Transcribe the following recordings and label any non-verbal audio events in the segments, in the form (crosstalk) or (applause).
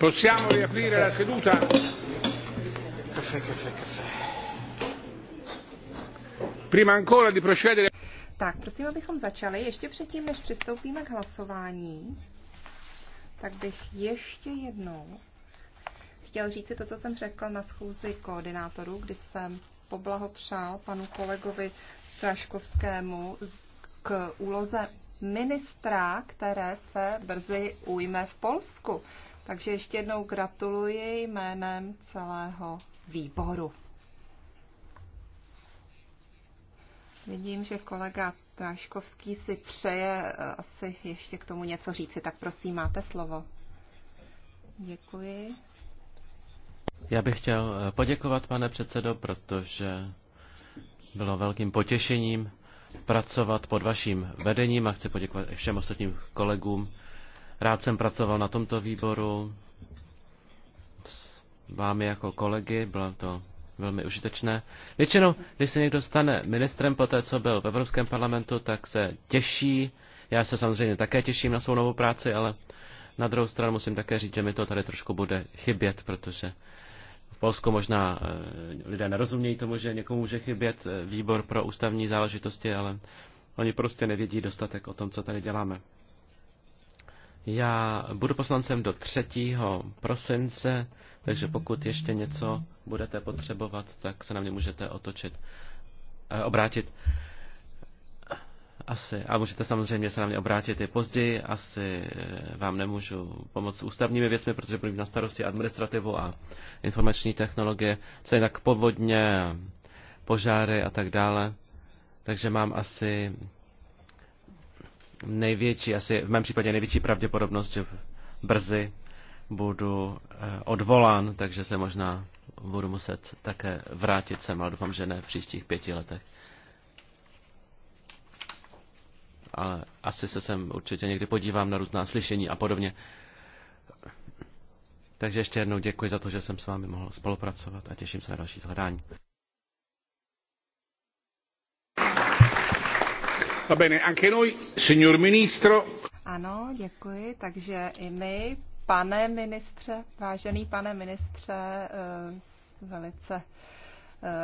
Possiamo riaprire la seduta? Caffè, caffè, caffè. Prima ancora di procedere... Tak, prosím, abychom začali. Ještě předtím, než přistoupíme k hlasování, tak bych ještě jednou chtěl si to, co jsem řekl na schůzi koordinátorů, kdy jsem poblahopřál panu kolegovi Traškovskému k úloze ministra, které se brzy ujme v Polsku. Takže ještě jednou gratuluji jménem celého výboru. Vidím, že kolega Tráškovský si přeje eh, asi ještě k tomu něco říci, tak prosím, máte slovo. Děkuji. Já bych chtěl eh, poděkovat, pane předsedo, protože bylo velkým potěšením pracovat pod vaším vedením a chci poděkovat i všem ostatním kolegům. Rád jsem pracoval na tomto výboru s vámi jako kolegy, bylo to velmi užitečné. Většinou, když se někdo stane ministrem po té, co byl v Evropském parlamentu, tak se těší. Já se samozřejmě také těším na svou novou práci, ale na druhou stranu musím také říct, že mi to tady trošku bude chybět, protože Polsku možná eh, lidé nerozumějí tomu, že někomu může chybět eh, výbor pro ústavní záležitosti, ale oni prostě nevědí dostatek o tom, co tady děláme. Já budu poslancem do 3. prosince, takže pokud ještě něco budete potřebovat, tak se na mě můžete otočit, eh, obrátit. Asi, a můžete samozřejmě se na mě obrátit i později, asi eh, vám nemůžu pomoct s ústavními věcmi, protože budu na starosti administrativu a informační technologie, co jinak povodně, požáry a tak dále. Takže mám asi největší, asi v mém případě největší pravděpodobnost, že brzy budu eh, odvolán, takže se možná budu muset také vrátit sem, ale doufám, že ne v příštích pěti letech. ale asi se sem určitě někdy podívám na různá slyšení a podobně. Takže ještě jednou děkuji za to, že jsem s vámi mohl spolupracovat a těším se na další zhledání. anche noi, signor ministro. Ano, děkuji. Takže i my, pane ministře, vážený pane ministře, eh, velice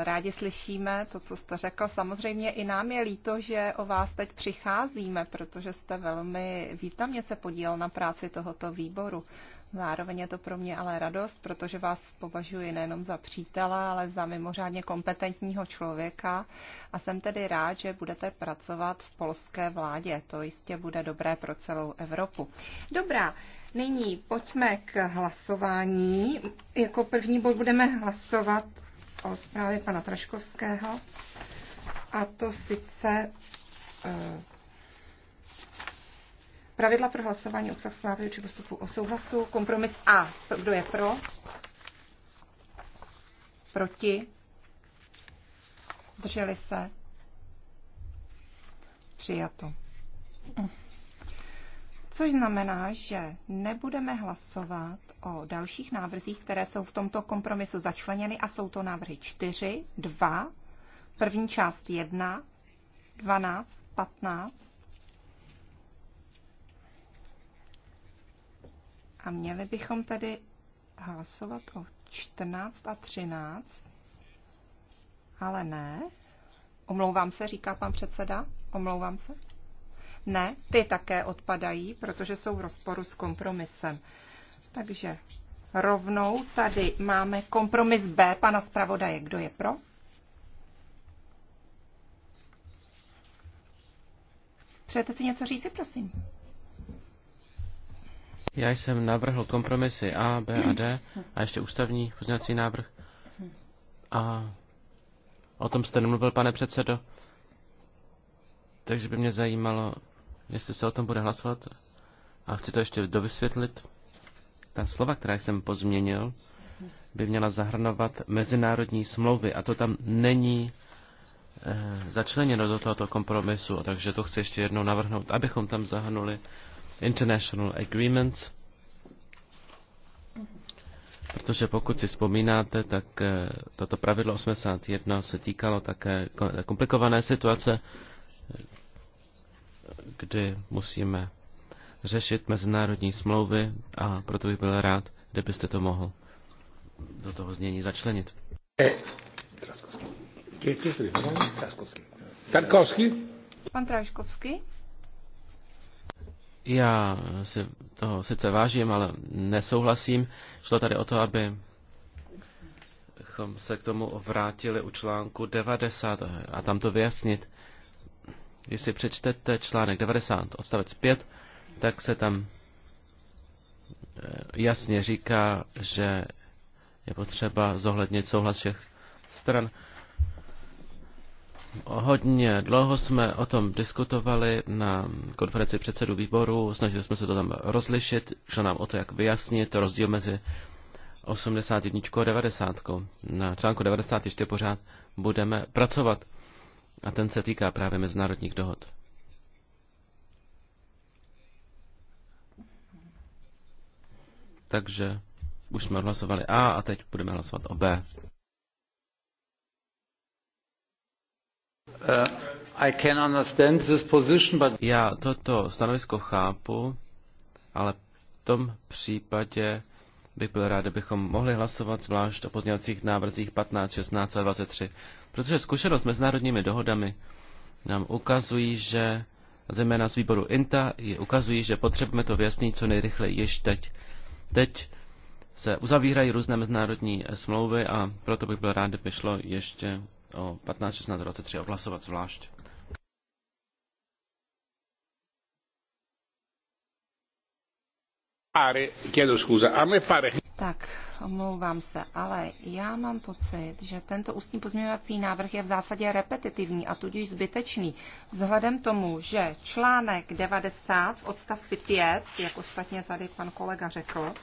Rádi slyšíme to, co jste řekl. Samozřejmě i nám je líto, že o vás teď přicházíme, protože jste velmi významně se podílel na práci tohoto výboru. Zároveň je to pro mě ale radost, protože vás považuji nejenom za přítele, ale za mimořádně kompetentního člověka a jsem tedy rád, že budete pracovat v polské vládě. To jistě bude dobré pro celou Evropu. Dobrá, nyní pojďme k hlasování. Jako první bod budeme hlasovat o zprávě pana Traškovského, a to sice eh, Pravidla pro hlasování, obsah zprávy či postupu o souhlasu. Kompromis A. Kdo je pro? Proti? Drželi se? Přijato. Což znamená, že nebudeme hlasovat o dalších návrzích, které jsou v tomto kompromisu začleněny a jsou to návrhy 4, 2, první část 1, 12, 15 a měli bychom tedy hlasovat o 14 a 13, ale ne. Omlouvám se, říká pan předseda. Omlouvám se. Ne, ty také odpadají, protože jsou v rozporu s kompromisem. Takže rovnou tady máme kompromis B pana zpravodaje. Kdo je pro? Přejete si něco říci, prosím? Já jsem navrhl kompromisy A, B a D a ještě ústavní pozměňovací návrh. A o tom jste nemluvil, pane předsedo. Takže by mě zajímalo, jestli se o tom bude hlasovat. A chci to ještě dovysvětlit. Ta slova, která jsem pozměnil, by měla zahrnovat mezinárodní smlouvy a to tam není e, začleněno do tohoto kompromisu, takže to chci ještě jednou navrhnout, abychom tam zahrnuli International Agreements, protože pokud si vzpomínáte, tak e, toto pravidlo 81 se týkalo také komplikované situace, kdy musíme řešit mezinárodní smlouvy a proto bych byl rád, kdybyste to mohl do toho znění začlenit. Eh, Tarkovský? Pan Traškovský? Já si toho sice vážím, ale nesouhlasím. Šlo tady o to, aby se k tomu vrátili u článku 90 a tam to vyjasnit. Když si přečtete článek 90 odstavec 5, tak se tam eh, jasně říká, že je potřeba zohlednit souhlas všech stran. Hodně dlouho jsme o tom diskutovali na konferenci předsedů výboru, snažili jsme se to tam rozlišit, šlo nám o to, jak vyjasnit rozdíl mezi 81 a 90. Na článku 90 ještě pořád budeme pracovat a ten se týká právě mezinárodních dohod. Takže už jsme odhlasovali A a teď budeme hlasovat o B. Uh, I can understand this position, but... Já toto stanovisko chápu, ale v tom případě bych byl rád, abychom mohli hlasovat zvlášť o pozměňovacích návrzích 15, 16 a 23. Protože zkušenost s mezinárodními dohodami nám ukazují, že zejména z výboru INTA ukazují, že potřebujeme to vyjasnit co nejrychleji již teď. Teď se uzavírají různé mezinárodní smlouvy a proto bych byl rád, kdyby šlo ještě o 15, 16, odhlasovat zvlášť. Tak, omlouvám se, ale já mám pocit, že tento ústní pozměňovací návrh je v zásadě repetitivní a tudíž zbytečný. Vzhledem tomu, že článek 90 v odstavci 5, jak ostatně tady pan kolega řekl,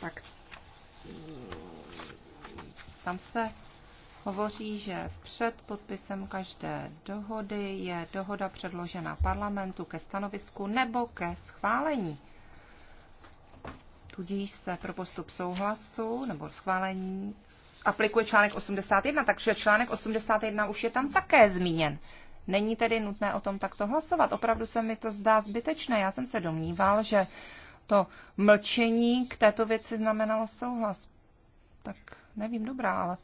tak mm, tam se hovoří, že před podpisem každé dohody je dohoda předložena parlamentu ke stanovisku nebo ke schválení. Tudíž se pro postup souhlasu nebo schválení aplikuje článek 81, takže článek 81 už je tam také zmíněn. Není tedy nutné o tom takto hlasovat. Opravdu se mi to zdá zbytečné. Já jsem se domníval, že to mlčení k této věci znamenalo souhlas. Tak nevím, dobrá, ale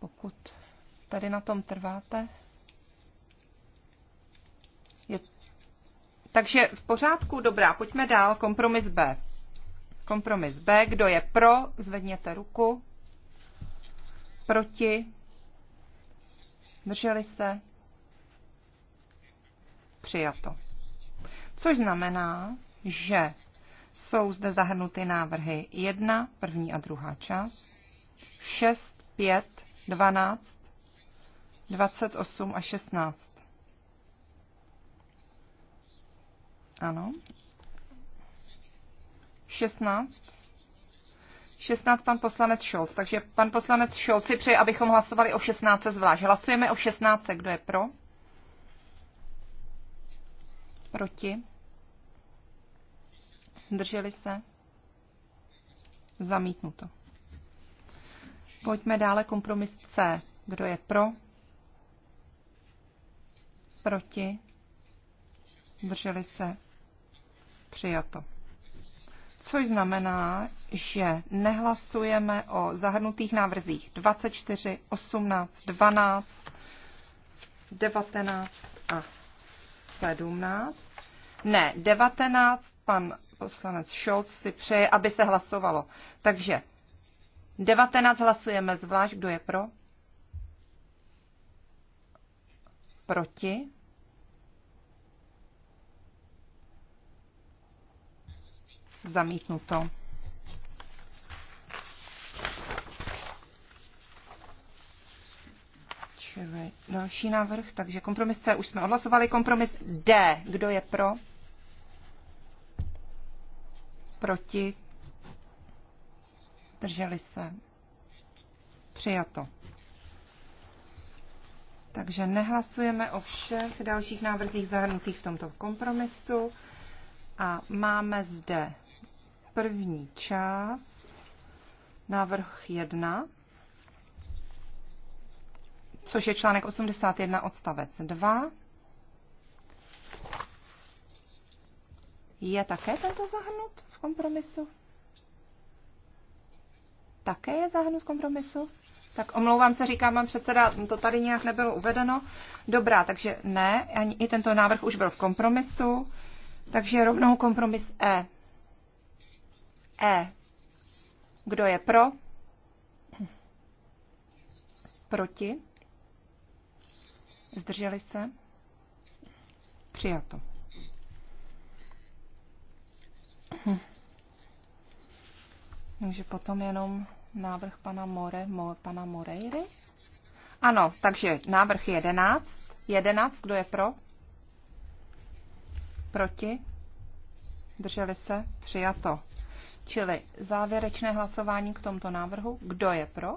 pokud tady na tom trváte, Takže v pořádku, dobrá, pojďme dál. Kompromis B. Kompromis B. Kdo je pro, zvedněte ruku. Proti. Drželi se. Přijato. Což znamená, že jsou zde zahrnuty návrhy 1, první a druhá čas, 6, 5, 12, 28 a 16. Ano. 16. 16 pan poslanec Scholz. Takže pan poslanec Scholz si přeje, abychom hlasovali o 16 zvlášť. Hlasujeme o 16. Kdo je pro? Proti? Drželi se? Zamítnuto. Pojďme dále kompromis C. Kdo je pro? Proti? Drželi se? Přijato. Což znamená, že nehlasujeme o zahrnutých návrzích 24, 18, 12, 19 a 17. Ne, 19 pan poslanec Scholz si přeje, aby se hlasovalo. Takže 19 hlasujeme zvlášť, kdo je pro? Proti? Zamítnuto. Čili další návrh, takže kompromis C už jsme odhlasovali. Kompromis D, kdo je pro? Proti? Drželi se? Přijato. Takže nehlasujeme o všech dalších návrzích zahrnutých v tomto kompromisu. A máme zde První část, návrh 1, což je článek 81 odstavec 2. Je také tento zahrnut v kompromisu? Také je zahrnut v kompromisu? Tak omlouvám se, říkám vám předseda, to tady nějak nebylo uvedeno. Dobrá, takže ne, ani i tento návrh už byl v kompromisu, takže rovnou kompromis E. E. Kdo je pro? Proti? Zdrželi se? Přijato. Takže potom jenom návrh pana, More, Mo, pana Moreiry. Ano, takže návrh 11. 11, kdo je pro? Proti? Drželi se? Přijato. Čili závěrečné hlasování k tomto návrhu. Kdo je pro?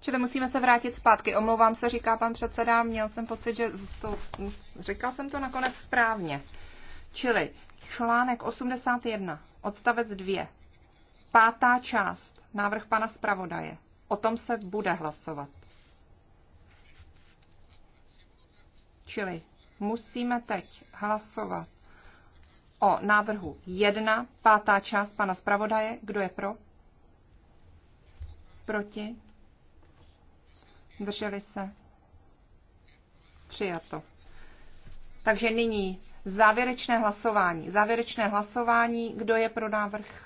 Čili musíme se vrátit zpátky. Omlouvám se, říká pan předseda, měl jsem pocit, že to, říkal jsem to nakonec správně. Čili článek 81, odstavec 2. Pátá část. Návrh pana zpravodaje. O tom se bude hlasovat. Čili musíme teď hlasovat o návrhu 1, pátá část pana zpravodaje. Kdo je pro? Proti? Drželi se? Přijato. Takže nyní závěrečné hlasování. Závěrečné hlasování, kdo je pro návrh?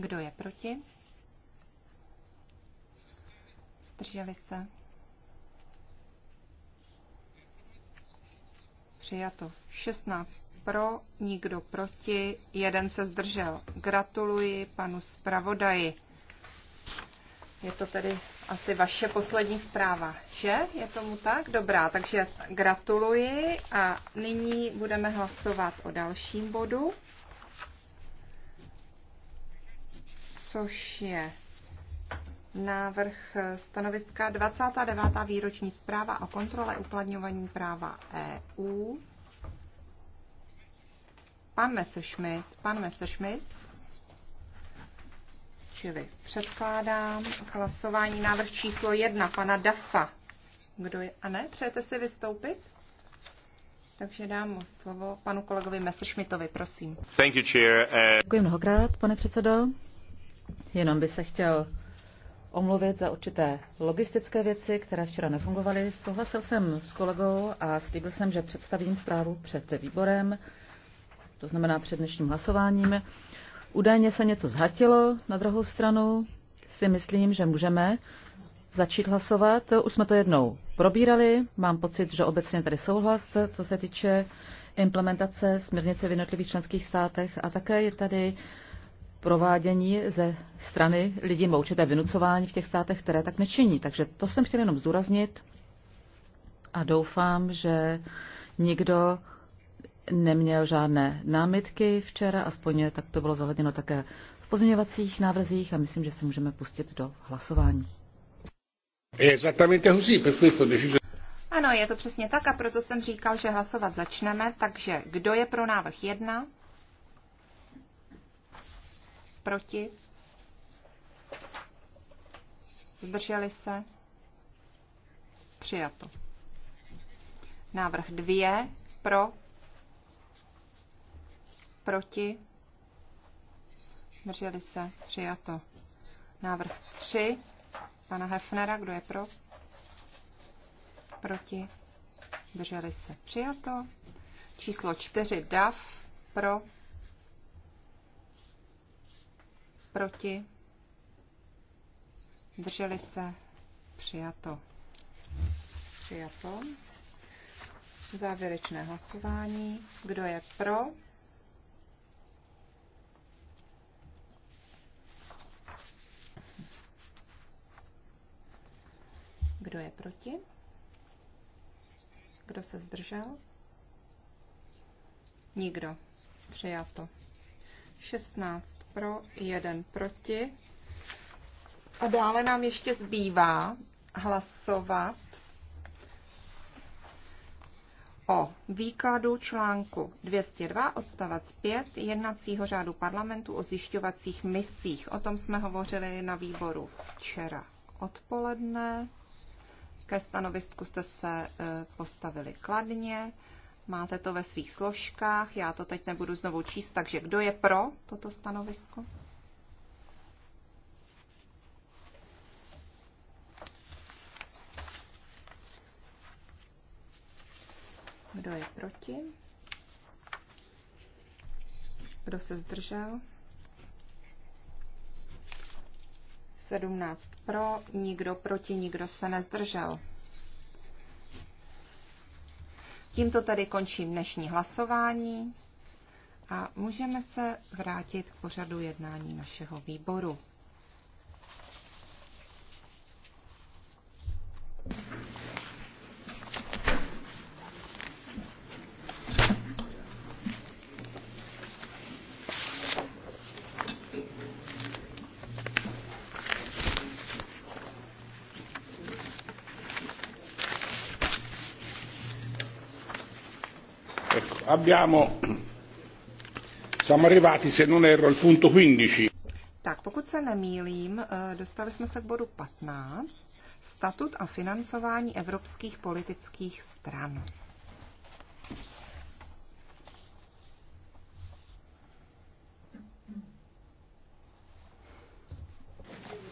Kdo je proti? Zdrželi se? Přijato 16 pro, nikdo proti, jeden se zdržel. Gratuluji panu zpravodaji. Je to tedy asi vaše poslední zpráva, že? Je tomu tak? Dobrá, takže gratuluji a nyní budeme hlasovat o dalším bodu. což je návrh stanoviska 29. výroční zpráva o kontrole uplatňování práva EU. Pan Messerschmidt, pan Messerschmidt, čili předkládám hlasování návrh číslo 1 pana Dafa. Kdo je? A ne, přejete si vystoupit? Takže dám mu slovo panu kolegovi Messerschmittovi, prosím. Thank you, chair. Děkuji mnohokrát, pane předsedo. Jenom by se chtěl omluvit za určité logistické věci, které včera nefungovaly. Souhlasil jsem s kolegou a slíbil jsem, že představím zprávu před výborem, to znamená před dnešním hlasováním. Údajně se něco zhatilo, na druhou stranu si myslím, že můžeme začít hlasovat. Už jsme to jednou probírali, mám pocit, že obecně tady souhlas, co se týče implementace směrnice v jednotlivých členských státech a také je tady uh, provádění ze strany lidí, nebo určité vynucování v těch státech, které tak nečiní. Takže to jsem chtěl jenom zdůraznit a doufám, že nikdo neměl žádné námitky včera, aspoň tak to bylo zohledněno také v pozměňovacích návrzích a myslím, že se můžeme pustit do hlasování. Ano, je to přesně tak a proto jsem říkal, že hlasovat začneme. Takže kdo je pro návrh 1? Proti? Zdrželi se? Přijato. Návrh dvě, Pro? Proti? Zdrželi se? Přijato. Návrh tři, Pana Hefnera, kdo je pro? Proti? Zdrželi se? Přijato. Číslo čtyři, DAF? Pro? Proti? Drželi se? Přijato. Přijato. Závěrečné hlasování. Kdo je pro? Kdo je proti? Kdo se zdržel? Nikdo. Přijato. 16 pro, jeden proti. A dále nám ještě zbývá hlasovat o výkladu článku 202 odstavec 5 jednacího řádu parlamentu o zjišťovacích misích. O tom jsme hovořili na výboru včera odpoledne. Ke stanovisku jste se eh, postavili kladně. Máte to ve svých složkách, já to teď nebudu znovu číst, takže kdo je pro toto stanovisko? Kdo je proti? Kdo se zdržel? 17 pro, nikdo proti, nikdo se nezdržel. Tímto tedy končím dnešní hlasování a můžeme se vrátit k pořadu jednání našeho výboru. abbiamo, siamo arrivati, se non erro, al punto 15. Tak, pokud se nemýlím, eh, dostali jsme se k bodu 15. Statut a financování evropských politických stran.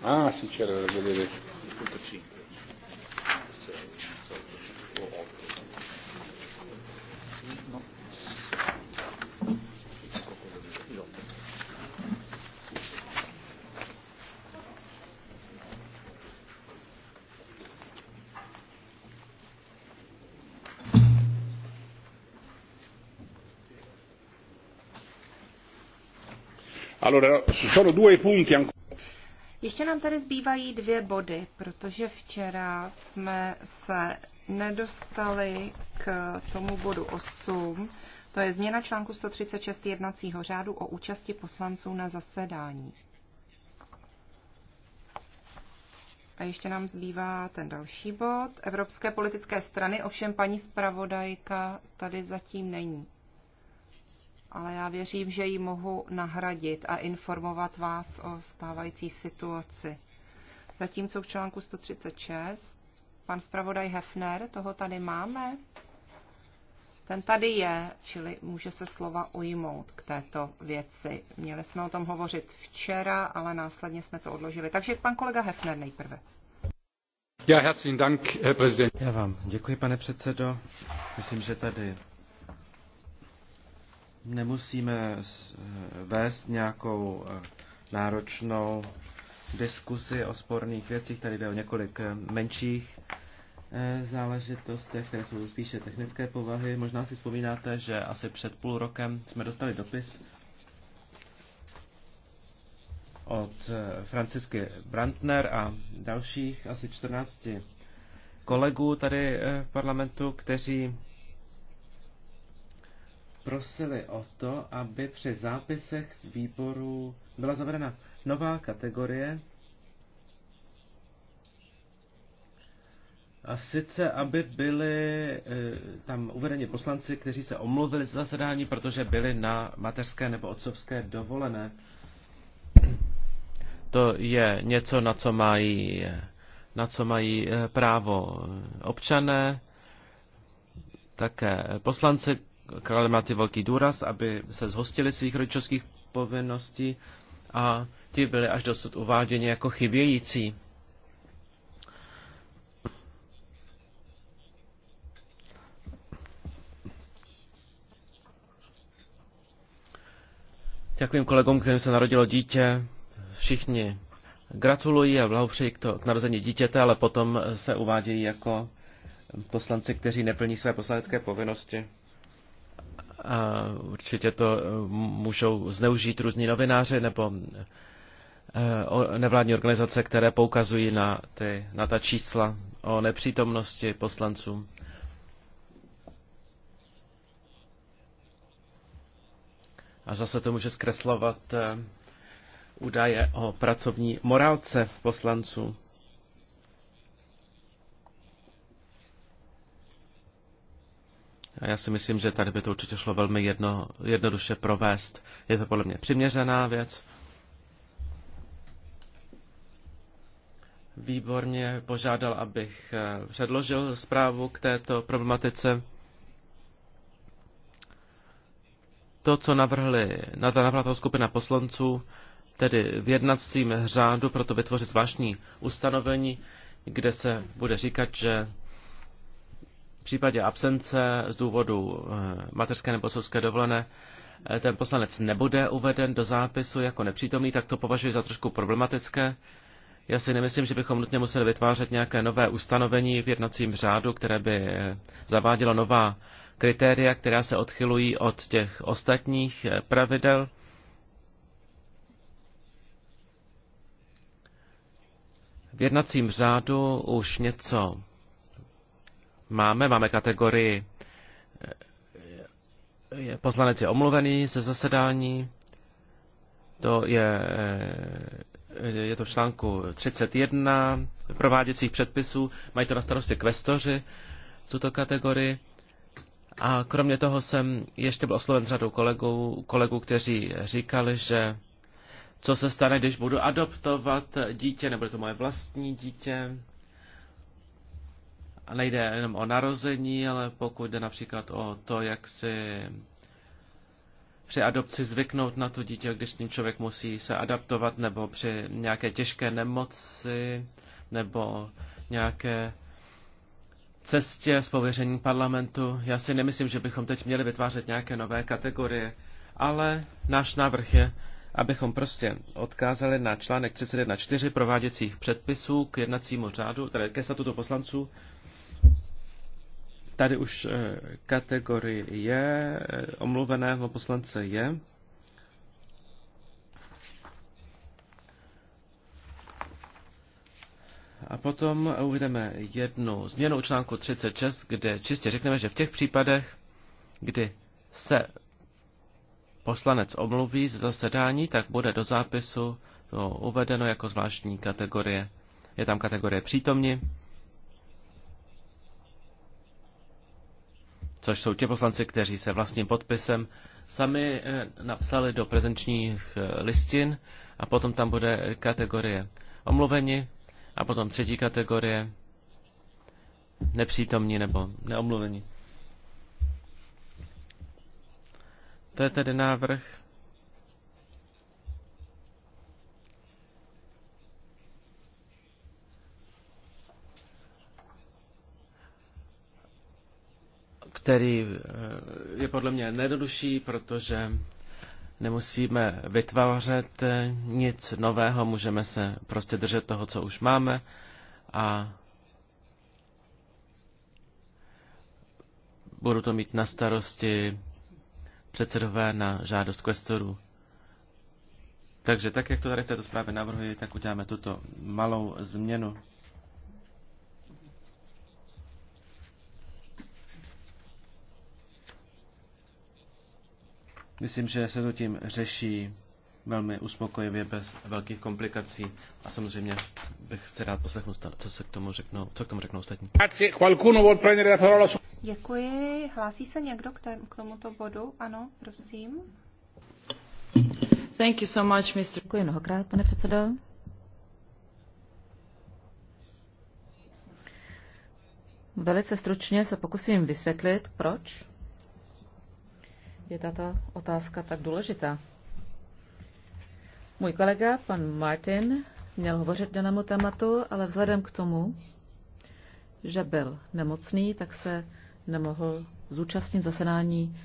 Ah, sì, c'era da vedere. Punto 5. Ještě nám tady zbývají dvě body, protože včera jsme se nedostali k tomu bodu 8, to je změna článku 136 jednacího řádu o účasti poslanců na zasedání. A ještě nám zbývá ten další bod. Evropské politické strany, ovšem paní zpravodajka tady zatím není ale já věřím, že ji mohu nahradit a informovat vás o stávající situaci. Zatímco v článku 136 pan zpravodaj Hefner, toho tady máme, ten tady je, čili může se slova ujmout k této věci. Měli jsme o tom hovořit včera, ale následně jsme to odložili. Takže pan kolega Hefner nejprve. Já, herzlichen Dank, Herr Präsident. Já vám děkuji, pane předsedo. Myslím, že tady nemusíme eh, vést nějakou eh, náročnou diskusi o sporných věcích. Tady jde o několik eh, menších záležitostech, které jsou spíše technické povahy. Možná si vzpomínáte, že asi před půl rokem jsme dostali dopis od Francisky Brandner a dalších asi 14 kolegů tady v parlamentu, kteří prosili o to, aby při zápisech z výboru byla zavedena nová kategorie, a sice, aby byli e, tam uvedeni poslanci, kteří se omluvili z zasedání, protože byli na mateřské nebo otcovské dovolené. To je něco, na co mají, na co mají eh, právo občané, také poslanci, Králem na ty velký důraz, aby se zhostili svých rodičovských povinností a ty byli až dosud uváděni jako chybějící. Děkuji kolegům, kterým se narodilo dítě, všichni gratulují a blahopřeji k, to, k narození dítěte, ale potom se uvádějí jako poslanci, kteří neplní své poslanecké povinnosti. A určitě to eh, můžou zneužít různí novináři nebo eh, nevládní organizace, které poukazují na, ty, na ta čísla o nepřítomnosti poslanců. A zase to může zkreslovat eh, údaje o pracovní morálce poslanců. A Já si myslím, že tady by to určitě šlo velmi jedno, jednoduše provést. Je to podle mě přiměřená věc. Výbor mě požádal, abych eh, předložil zprávu k této problematice. To, co navrhli, na ta navrhla skupina poslanců, tedy v jednacím řádu proto vytvořit zvláštní ustanovení, kde se bude říkat, že případě absence z důvodu eh, mateřské nebo soudské dovolené eh, ten poslanec nebude uveden do zápisu jako nepřítomný, tak to považuji za trošku problematické. Já si nemyslím, že bychom nutně museli vytvářet nějaké nové ustanovení v jednacím řádu, které by eh, zavádělo nová kritéria, která se odchylují od těch ostatních pravidel. V jednacím řádu už něco máme. Máme kategorii eh, poslanec je omluvený ze zasedání. To je, eh, je to v článku 31 prováděcích předpisů. Mají to na starosti kvestoři, tuto kategorii. A kromě toho jsem ještě byl osloven řadou kolegů, kolegů, kteří říkali, že co se stane, když budu adoptovat dítě, nebo to moje vlastní dítě, a nejde jenom o narození, ale pokud jde například o to, jak si při adopci zvyknout na to dítě, když tím člověk musí se adaptovat, nebo při nějaké těžké nemoci, nebo nějaké cestě s pověřením parlamentu. Já si nemyslím, že bychom teď měli vytvářet nějaké nové kategorie, ale náš návrh je, abychom prostě odkázali na článek 31.4 prováděcích předpisů k jednacímu řádu, tedy ke statutu poslanců, Tady už eh, kategorie je, eh, omluveného poslance je. A potom uvidíme jednu změnu u článku 36, kde čistě řekneme, že v těch případech, kdy se poslanec omluví z zasedání, tak bude do zápisu to uvedeno jako zvláštní kategorie. Je tam kategorie přítomní. což jsou ti poslanci, kteří se vlastním podpisem sami eh, napsali do prezenčních eh, listin a potom tam bude kategorie omluveni a potom třetí kategorie nepřítomní nebo neomluvení. To je tedy návrh který eh, je podle mě nejjednodušší, protože nemusíme vytvářet eh, nic nového, můžeme se prostě držet toho, co už máme a budu to mít na starosti předsedové na žádost kvestorů. Takže tak, jak to tady v této zprávě navrhuji, tak uděláme tuto malou změnu. Myslím, že se to tím řeší velmi uspokojivě, bez velkých komplikací a samozřejmě bych se rád poslechnout, co se k tomu řeknou, co k tomu řeknou ostatní. Děkuji. Hlásí se někdo k, tém, k tomuto bodu? Ano, prosím. Thank you so much, Mr. Děkuji mnohokrát, pane předsedo. Velice stručně se pokusím vysvětlit, proč je tato otázka tak důležitá. Můj kolega, pan Martin, měl hovořit danému tématu, ale vzhledem k tomu, že byl nemocný, tak se nemohl zúčastnit zasedání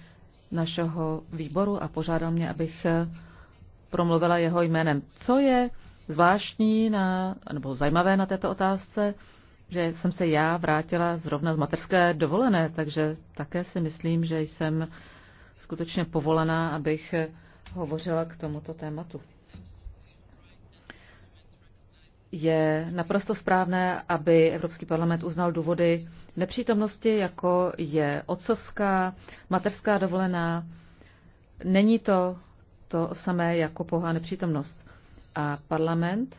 našeho výboru a požádal mě, abych eh, promluvila jeho jménem. Co je zvláštní na, nebo zajímavé na této otázce, že jsem se já vrátila zrovna z materské dovolené, takže také si myslím, že jsem skutečně povolená, abych hovořila k tomuto tématu. Je naprosto správné, aby Evropský parlament uznal důvody nepřítomnosti, jako je otcovská, materská dovolená. Není to to samé jako pouhá nepřítomnost. A parlament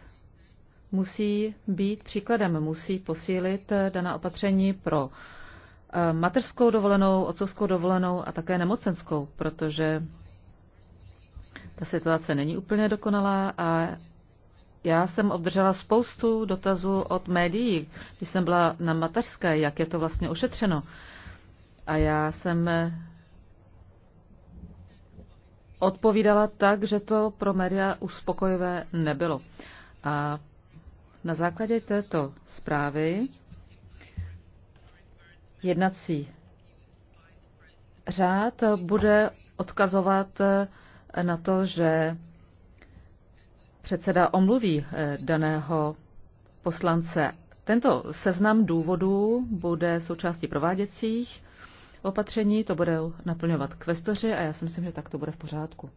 musí být příkladem, musí posílit daná opatření pro Eh, mateřskou dovolenou, otcovskou dovolenou a také nemocenskou, protože ta situace není úplně dokonalá a já jsem obdržela spoustu dotazů od médií, když jsem byla na mateřské, jak je to vlastně ošetřeno. A já jsem eh, odpovídala tak, že to pro média uspokojivé nebylo. A na základě této zprávy jednací řád bude odkazovat eh, na to, že předseda omluví eh, daného poslance. Tento seznam důvodů bude součástí prováděcích opatření, to bude naplňovat kvestoři a já si myslím, že tak to bude v pořádku.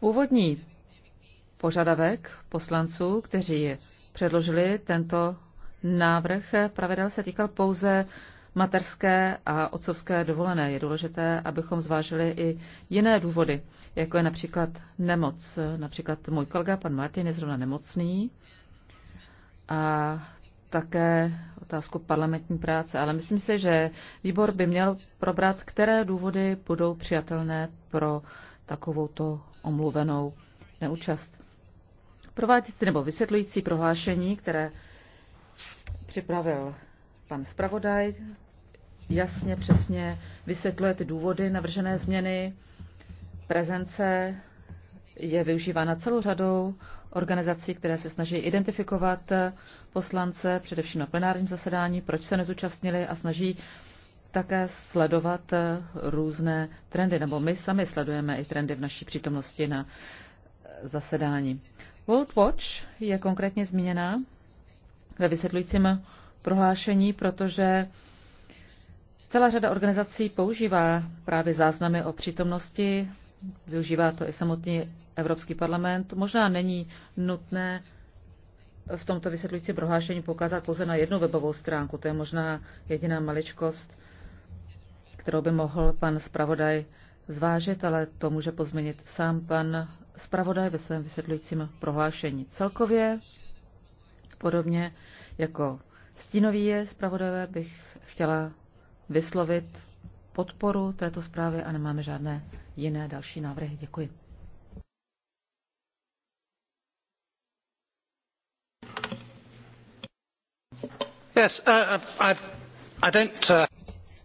Původní požadavek poslanců, kteří předložili tento návrh pravidel se týkal pouze materské a otcovské dovolené. Je důležité, abychom zvážili i jiné důvody, jako je například nemoc. Například můj kolega, pan Martin, je zrovna nemocný a také otázku parlamentní práce, ale myslím si, že výbor by měl probrat, které důvody budou přijatelné pro takovouto omluvenou neúčast. Prováděcí nebo vysvětlující prohlášení, které připravil pan zpravodaj, jasně, přesně vysvětluje ty důvody navržené změny. Prezence je využívána celou řadou organizací, které se snaží identifikovat poslance, především na plenárním zasedání, proč se nezúčastnili a snaží také sledovat různé trendy, nebo my sami sledujeme i trendy v naší přítomnosti na zasedání. World Watch je konkrétně zmíněna ve vysvětlujícím prohlášení, protože celá řada organizací používá právě záznamy o přítomnosti, využívá to i samotný Evropský parlament. Možná není nutné v tomto vysvětlujícím prohlášení pokázat pouze na jednu webovou stránku. To je možná jediná maličkost, kterou by mohl pan zpravodaj zvážit, ale to může pozměnit sám pan zpravodaj ve svém vysvětlujícím prohlášení. Celkově Podobně jako stínový je zpravodajové bych chtěla vyslovit podporu této zprávy a nemáme žádné jiné další návrhy. Děkuji. Yes, uh, uh, I, I don't, uh...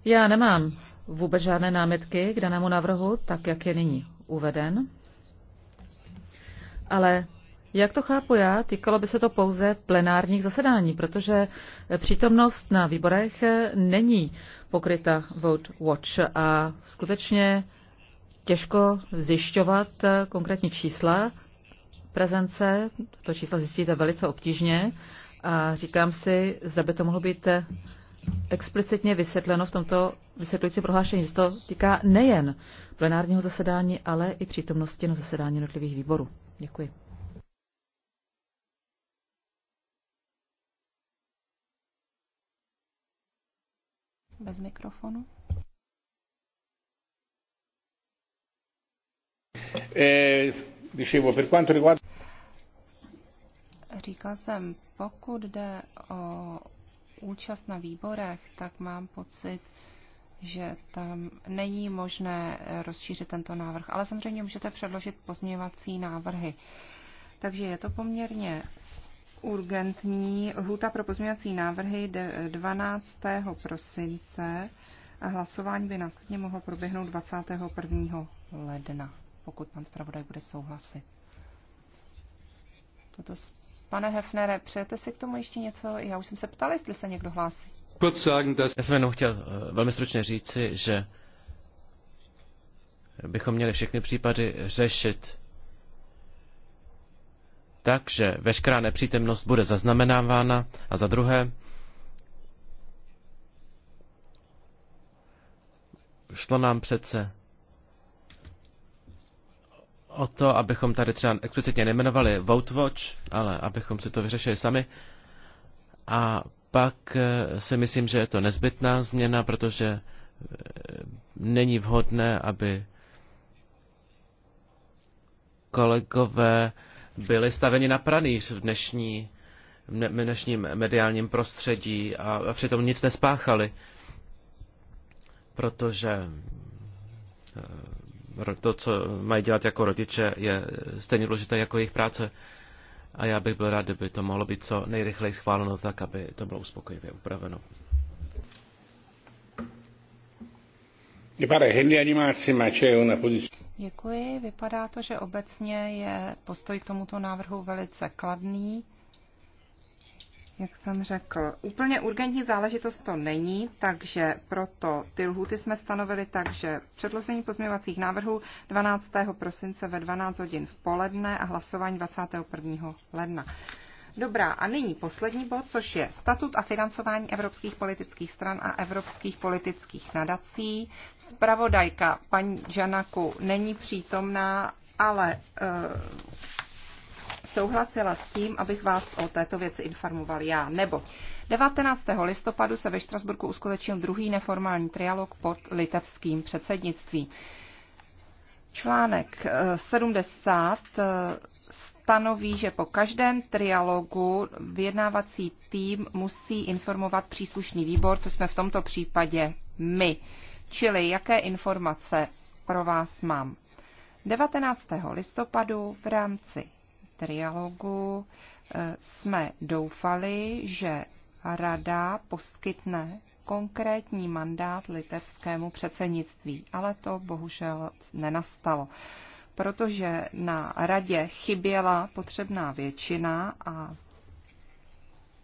Já nemám vůbec žádné námitky k danému návrhu, tak jak je nyní uveden. Ale jak to chápu já, týkalo by se to pouze plenárních zasedání, protože přítomnost na výborech není pokryta Vote Watch a skutečně těžko zjišťovat konkrétní čísla prezence. To čísla zjistíte velice obtížně a říkám si, zda by to mohlo být explicitně vysvětleno v tomto vysvětlující prohlášení. že to týká nejen plenárního zasedání, ale i přítomnosti na zasedání jednotlivých výborů. Děkuji. bez mikrofonu. Eh, Říkal jsem, pokud jde o účast na výborech, tak mám pocit, že tam není možné rozšířit tento návrh. Ale samozřejmě můžete předložit pozměňovací návrhy. Takže je to poměrně urgentní. Lhuta pro pozměňovací návrhy 12. prosince a hlasování by následně mohlo proběhnout 21. ledna, pokud pan zpravodaj bude souhlasit. Toto, pane Hefnere, přejete si k tomu ještě něco? Já už jsem se ptal, jestli se někdo hlásí. Já jsem jenom chtěl eh, velmi stručně říci, že bychom měli všechny případy řešit tak, že veškerá nepřítomnost bude zaznamenávána a za druhé šlo nám přece o to, abychom tady třeba explicitně vote, Watch, ale abychom si to vyřešili sami. A pak eh, si myslím, že je to nezbytná změna, protože eh, není vhodné, aby kolegové byly staveni na pranýř v dnešní, v dnešním mediálním prostředí a, a přitom nic nespáchali, protože eh, to, co mají dělat jako rodiče, je stejně důležité jako jejich práce. A já bych byl rád, kdyby to mohlo být co nejrychleji schváleno tak, aby to bylo uspokojivě upraveno. Mi pare che in linea di c'è una posizione. Děkuji. Vypadá to, že obecně je postoj k tomuto návrhu velice kladný. Jak jsem řekl, úplně urgentní záležitost to není, takže proto ty lhuty jsme stanovili tak, že předložení pozměňovacích návrhů 12. prosince ve 12 hodin v poledne a hlasování 21. ledna. Dobrá, a nyní poslední bod, což je statut a financování evropských politických stran a evropských politických nadací. Spravodajka paní Žanaku není přítomná, ale e, souhlasila s tím, abych vás o této věci informoval já. Nebo 19. listopadu se ve Štrasburku uskutečnil druhý neformální trialog pod litevským předsednictvím. Článek 70 eh, stanoví, že po každém trialogu vyjednávací tým musí informovat příslušný výbor, co jsme v tomto případě my. Čili jaké informace pro vás mám. 19. listopadu v rámci trialogu eh, jsme doufali, že Rada poskytne konkrétní mandát litevskému předsednictví, ale to bohužel nenastalo protože na radě chyběla potřebná většina a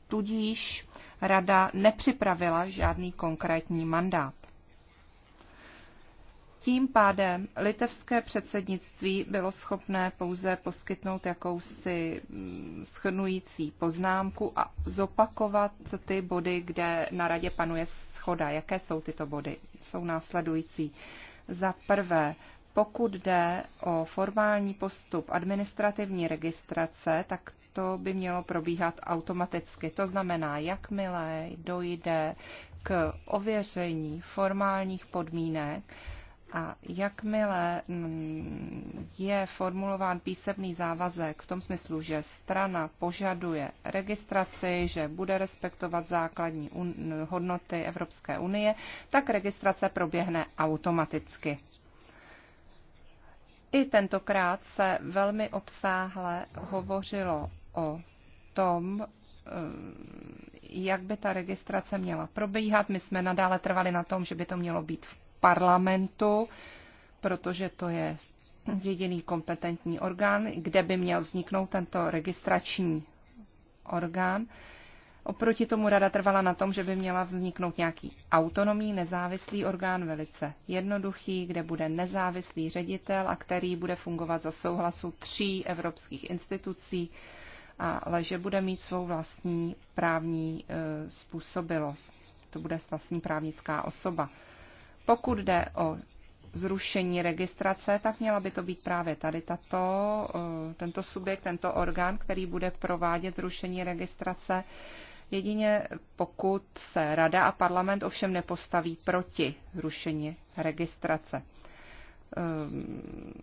tudíž rada nepřipravila žádný konkrétní mandát. Tím pádem litevské předsednictví bylo schopné pouze poskytnout jakousi mm, schrnující poznámku a zopakovat ty body, kde na radě panuje schoda. Jaké jsou tyto body? Jsou následující. Za prvé, pokud jde o formální postup administrativní registrace, tak to by mělo probíhat automaticky. To znamená, jakmile dojde k ověření formálních podmínek a jakmile mm, je formulován písemný závazek v tom smyslu, že strana požaduje registraci, že bude respektovat základní hodnoty Evropské unie, tak registrace proběhne automaticky. I tentokrát se velmi obsáhle hovořilo o tom, eh, jak by ta registrace měla probíhat. My jsme nadále trvali na tom, že by to mělo být v parlamentu, protože to je jediný kompetentní orgán, kde by měl vzniknout tento registrační orgán. Oproti tomu rada trvala na tom, že by měla vzniknout nějaký autonomní nezávislý orgán velice jednoduchý, kde bude nezávislý ředitel a který bude fungovat za souhlasu tří evropských institucí, ale že bude mít svou vlastní právní e, způsobilost. To bude vlastní právnická osoba. Pokud jde o zrušení registrace, tak měla by to být právě tady tato, e, tento subjekt, tento orgán, který bude provádět zrušení registrace jedině pokud se Rada a parlament ovšem nepostaví proti rušení registrace. Ehm,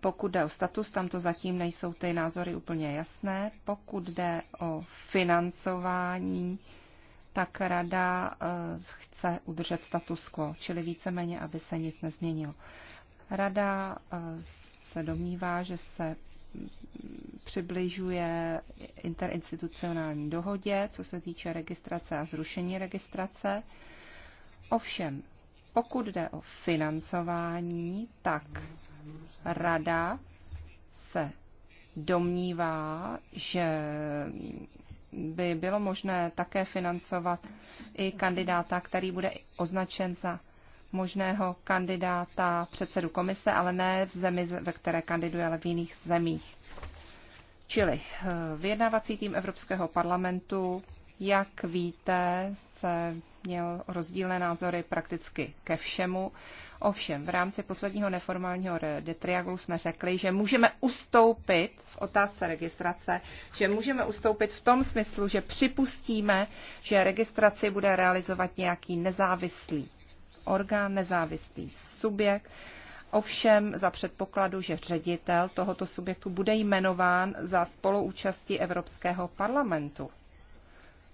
pokud jde o status, tam to zatím nejsou ty názory úplně jasné. Pokud jde o financování, tak rada eh, chce udržet status quo, čili víceméně, aby se nic nezměnilo. Rada eh, se domnívá, že se přibližuje interinstitucionální dohodě, co se týče registrace a zrušení registrace. Ovšem, pokud jde o financování, tak rada se domnívá, že by bylo možné také financovat i kandidáta, který bude označen za možného kandidáta předsedu komise, ale ne v zemi, ve které kandiduje, ale v jiných zemích. Čili eh, vyjednávací tým Evropského parlamentu, jak víte, se měl rozdílné názory prakticky ke všemu. Ovšem, v rámci posledního neformálního detriagu jsme řekli, že můžeme ustoupit v otázce registrace, že můžeme ustoupit v tom smyslu, že připustíme, že registraci bude realizovat nějaký nezávislý orgán, nezávislý subjekt, Ovšem za předpokladu, že ředitel tohoto subjektu bude jmenován za spoluúčasti Evropského parlamentu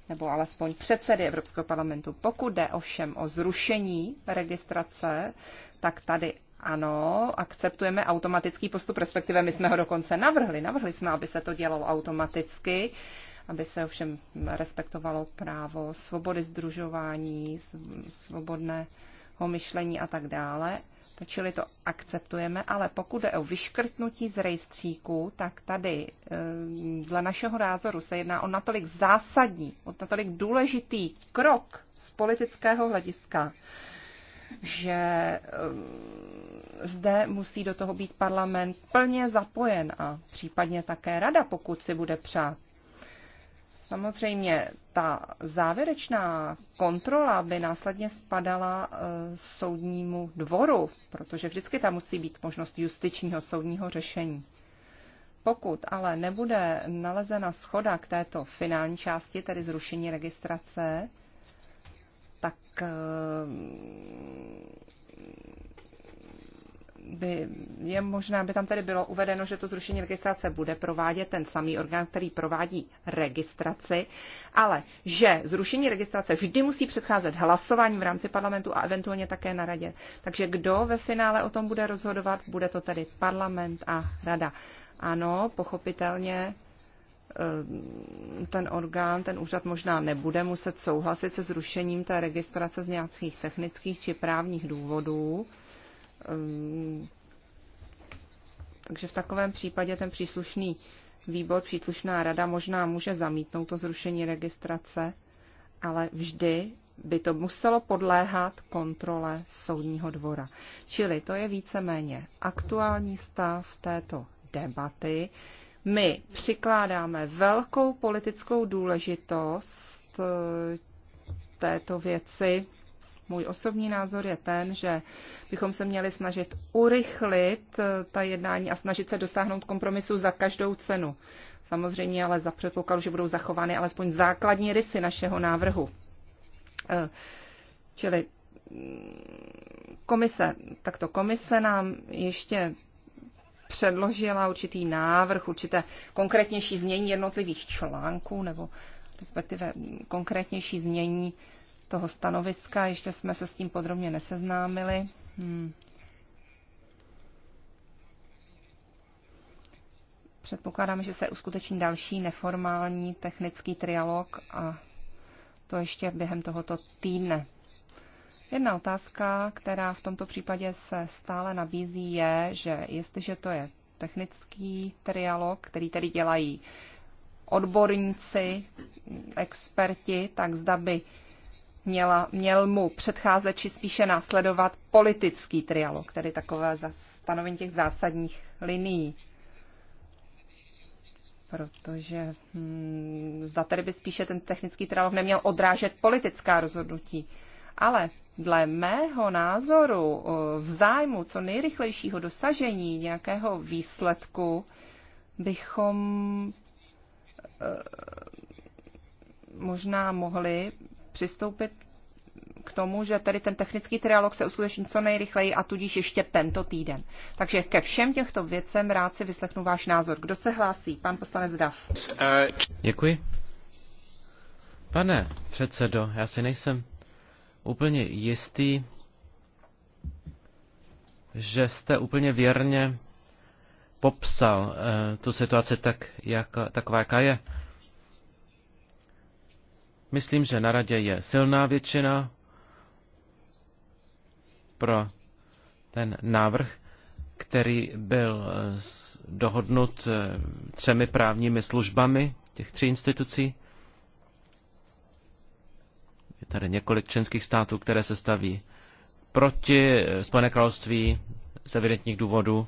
nebo alespoň předsedy Evropského parlamentu. Pokud jde ovšem o zrušení registrace, tak tady ano, akceptujeme automatický postup, respektive my jsme ho dokonce navrhli. Navrhli jsme, aby se to dělalo automaticky, aby se ovšem respektovalo právo svobody združování, svobodné myšlení a tak dále. To čili to akceptujeme, ale pokud je o vyškrtnutí z rejstříku, tak tady eh, dle našeho názoru se jedná o natolik zásadní, o natolik důležitý krok z politického hlediska, že eh, zde musí do toho být parlament plně zapojen a případně také rada, pokud si bude přát. Samozřejmě ta závěrečná kontrola by následně spadala e, soudnímu dvoru, protože vždycky tam musí být možnost justičního soudního řešení. Pokud ale nebude nalezena schoda k této finální části, tedy zrušení registrace, tak e, by, je možné, aby tam tedy bylo uvedeno, že to zrušení registrace bude provádět ten samý orgán, který provádí registraci, ale že zrušení registrace vždy musí předcházet hlasování v rámci parlamentu a eventuálně také na radě. Takže kdo ve finále o tom bude rozhodovat, bude to tedy parlament a rada. Ano, pochopitelně eh, ten orgán, ten úřad možná nebude muset souhlasit se zrušením té registrace z nějakých technických či právních důvodů, Ehm, takže v takovém případě ten příslušný výbor, příslušná rada možná může zamítnout to zrušení registrace, ale vždy by to muselo podléhat kontrole soudního dvora. Čili to je víceméně aktuální stav této debaty. My přikládáme velkou politickou důležitost eh, této věci můj osobní názor je ten, že bychom se měli snažit urychlit eh, ta jednání a snažit se dosáhnout kompromisu za každou cenu. Samozřejmě ale za předpokladu, že budou zachovány alespoň základní rysy našeho návrhu. Eh, čili mm, komise, takto komise nám ještě předložila určitý návrh, určité konkrétnější změní jednotlivých článků nebo respektive konkrétnější změní uh, toho stanoviska, ještě jsme se s tím podrobně neseznámili. Hmm. Předpokládám, že se uskuteční další neformální technický trialog a to ještě během tohoto týdne. Jedna otázka, která v tomto případě se stále nabízí, je, že jestliže to je technický trialog, který tedy dělají odborníci, experti, tak zda by měla, měl mu předcházet či spíše následovat politický trialog, tedy takové stanovení těch zásadních linií. Protože hmm, zda tedy by spíše ten technický trialog neměl odrážet politická rozhodnutí. Ale dle mého názoru v zájmu co nejrychlejšího dosažení nějakého výsledku bychom e, možná mohli přistoupit k tomu, že tedy ten technický trialog se uskuteční co nejrychleji a tudíž ještě tento týden. Takže ke všem těchto věcem rád si vyslechnu váš názor. Kdo se hlásí? Pan poslanec Dav. Děkuji. Pane předsedo, já si nejsem úplně jistý, že jste úplně věrně popsal uh, tu situaci tak, jak, taková, jaká je. Myslím, že na radě je silná většina pro ten návrh, který byl eh, dohodnut eh, třemi právními službami těch tří institucí. Je tady několik členských států, které se staví proti eh, Spojené království z evidentních důvodů.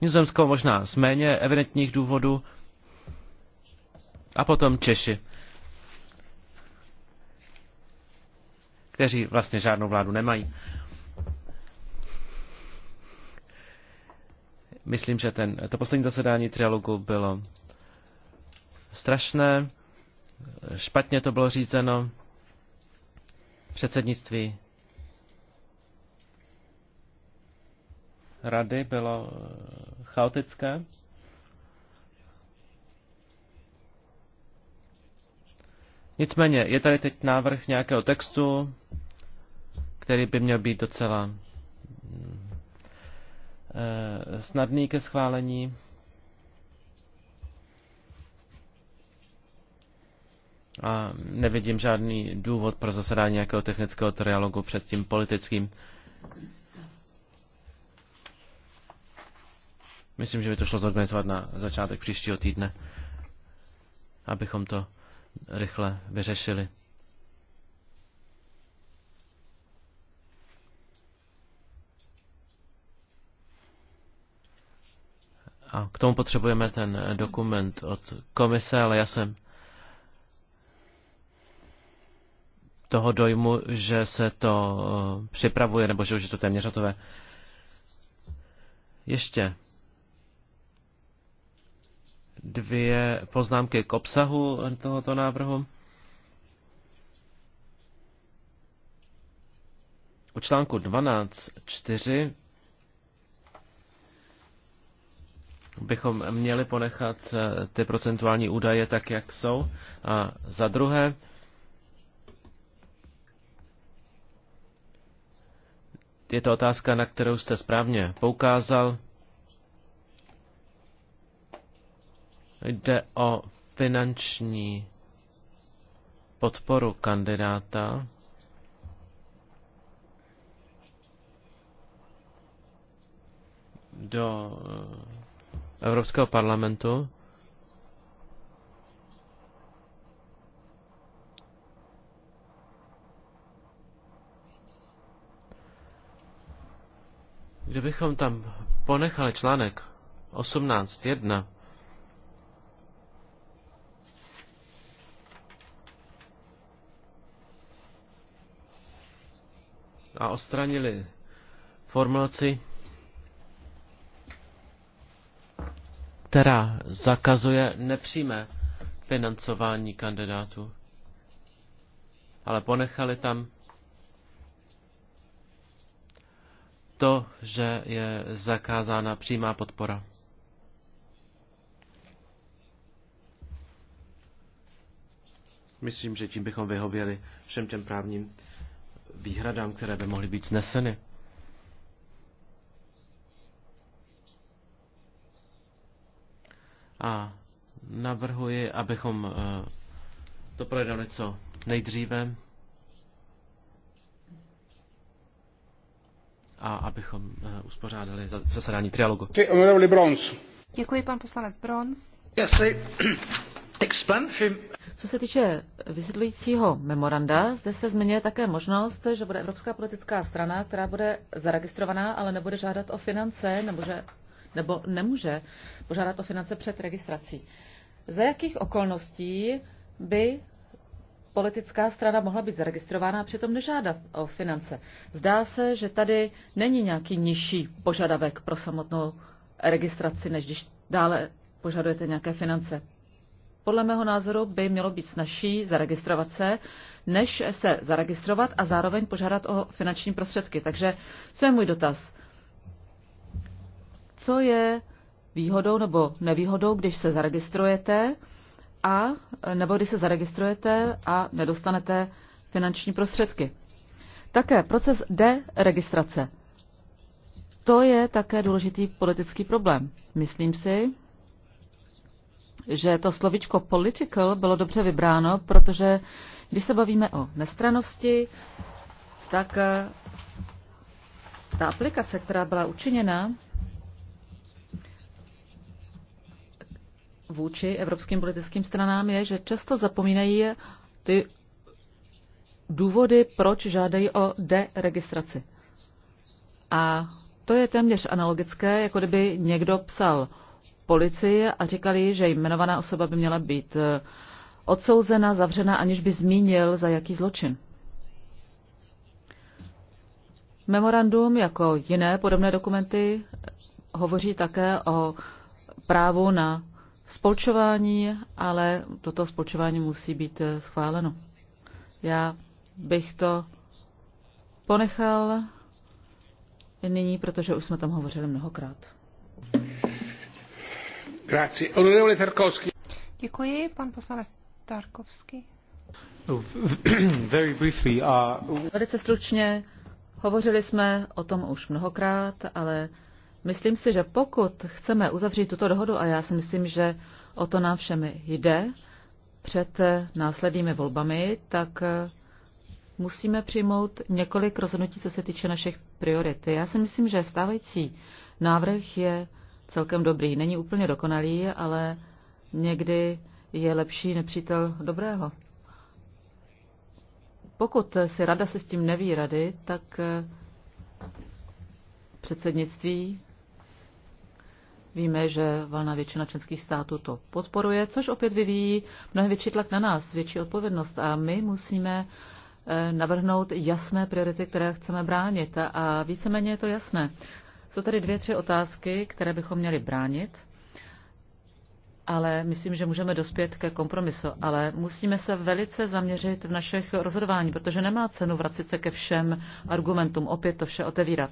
Nizozemsko možná z méně evidentních důvodů. A potom Češi. kteří vlastně žádnou vládu nemají. Myslím, že ten, to poslední zasedání trialogu bylo strašné, špatně to bylo řízeno, předsednictví rady bylo eh, chaotické. Nicméně je tady teď návrh nějakého textu, který by měl být docela mm, eh, snadný ke schválení. A nevidím žádný důvod pro zasedání nějakého technického trialogu před tím politickým. Myslím, že by to šlo zorganizovat na začátek příštího týdne, abychom to rychle vyřešili. A k tomu potřebujeme ten dokument od komise, ale já jsem toho dojmu, že se to eh, připravuje, nebo že už je to téměř hotové. Ještě dvě poznámky k obsahu tohoto návrhu. U článku 12.4 bychom měli ponechat eh, ty procentuální údaje tak, jak jsou. A za druhé, je to otázka, na kterou jste správně poukázal. Jde o finanční podporu kandidáta. do eh, Evropského parlamentu. Kdybychom tam ponechali článek 18.1, a odstranili formulaci, která zakazuje nepřímé financování kandidátů. Ale ponechali tam to, že je zakázána přímá podpora. Myslím, že tím bychom vyhověli všem těm právním výhradám, které by mohly být zneseny. A navrhuji, abychom eh, to projednali co nejdříve a abychom eh, uspořádali zasedání trialogu. Děkuji, pan poslanec Bronz. Yes, co se týče vysvětlujícího memoranda, zde se zmiňuje také možnost, že bude Evropská politická strana, která bude zaregistrovaná, ale nebude žádat o finance nebo, že, nebo nemůže požádat o finance před registrací. Za jakých okolností by politická strana mohla být zaregistrována a přitom nežádat o finance? Zdá se, že tady není nějaký nižší požadavek pro samotnou registraci, než když dále požadujete nějaké finance. Podle mého názoru by mělo být snažší zaregistrovat se, než se zaregistrovat a zároveň požádat o finanční prostředky. Takže co je můj dotaz? Co je výhodou nebo nevýhodou, když se zaregistrujete a nebo když se zaregistrujete a nedostanete finanční prostředky? Také proces deregistrace. To je také důležitý politický problém. Myslím si, že to slovičko political bylo dobře vybráno, protože když se bavíme o nestranosti, tak eh, ta aplikace, která byla učiněna vůči evropským politickým stranám, je, že často zapomínají ty důvody, proč žádají o deregistraci. A to je téměř analogické, jako kdyby někdo psal policii a říkali, že jmenovaná osoba by měla být eh, odsouzena, zavřena, aniž by zmínil, za jaký zločin. Memorandum, jako jiné podobné dokumenty, hovoří také o právu na spolčování, ale toto spolčování musí být eh, schváleno. Já bych to ponechal nyní, protože už jsme tam hovořili mnohokrát. Děkuji, pan poslanec Tarkovsky. No, (clears throat) very briefly, uh, Velice stručně, hovořili jsme o tom už mnohokrát, ale myslím si, že pokud chceme uzavřít tuto dohodu, a já si myslím, že o to nám všem jde, před následnými volbami, tak eh, musíme přijmout několik rozhodnutí, co se týče našich priorit. Já si myslím, že stávající návrh je celkem dobrý. Není úplně dokonalý, ale někdy je lepší nepřítel dobrého. Pokud si rada se s tím neví rady, tak eh, předsednictví Víme, že valná většina členských států to podporuje, což opět vyvíjí mnohem větší tlak na nás, větší odpovědnost a my musíme eh, navrhnout jasné priority, které chceme bránit a víceméně je to jasné. Jsou tady dvě, tři otázky, které bychom měli bránit, ale myslím, že můžeme dospět ke kompromisu. Ale musíme se velice zaměřit v našich rozhodování, protože nemá cenu vracit se ke všem argumentům, opět to vše otevírat.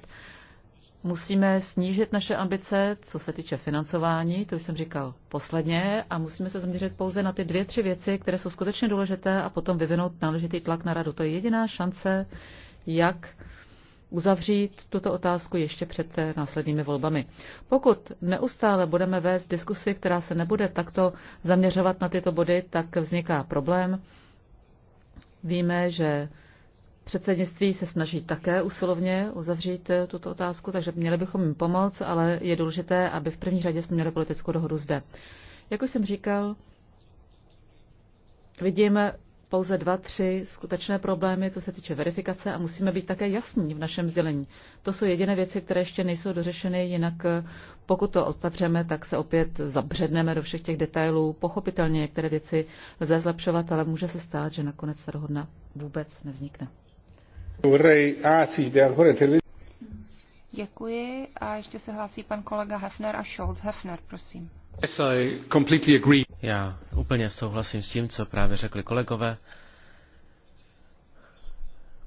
Musíme snížit naše ambice, co se týče financování, to už jsem říkal posledně, a musíme se zaměřit pouze na ty dvě, tři věci, které jsou skutečně důležité a potom vyvinout náležitý tlak na radu. To je jediná šance, jak uzavřít tuto otázku ještě před eh, následnými volbami. Pokud neustále budeme vést diskusi, která se nebude takto zaměřovat na tyto body, tak vzniká problém. Víme, že předsednictví se snaží také usilovně uzavřít eh, tuto otázku, takže měli bychom jim pomoct, ale je důležité, aby v první řadě jsme měli politickou dohodu zde. Jak už jsem říkal, vidíme pouze dva, tři skutečné problémy, co se týče verifikace a musíme být také jasní v našem sdělení. To jsou jediné věci, které ještě nejsou dořešeny, jinak eh, pokud to otevřeme, tak se opět zabředneme do všech těch detailů. Pochopitelně některé věci lze zlepšovat, ale může se stát, že nakonec ta dohodna vůbec nevznikne. Ah, Děkuji a ještě se hlásí pan kolega Hefner a Scholz. Hefner, prosím. Já úplně souhlasím s tím, co právě řekli kolegové.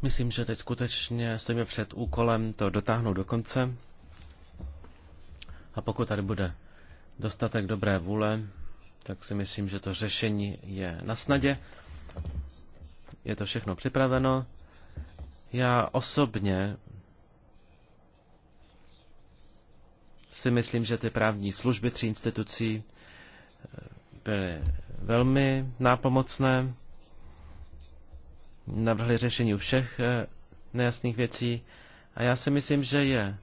Myslím, že teď skutečně stojíme před úkolem to dotáhnout do konce. A pokud tady bude dostatek dobré vůle, tak si myslím, že to řešení je na snadě. Je to všechno připraveno. Já osobně si myslím, že ty právní služby tří institucí eh, byly velmi nápomocné, navrhly řešení u všech eh, nejasných věcí a já si myslím, že je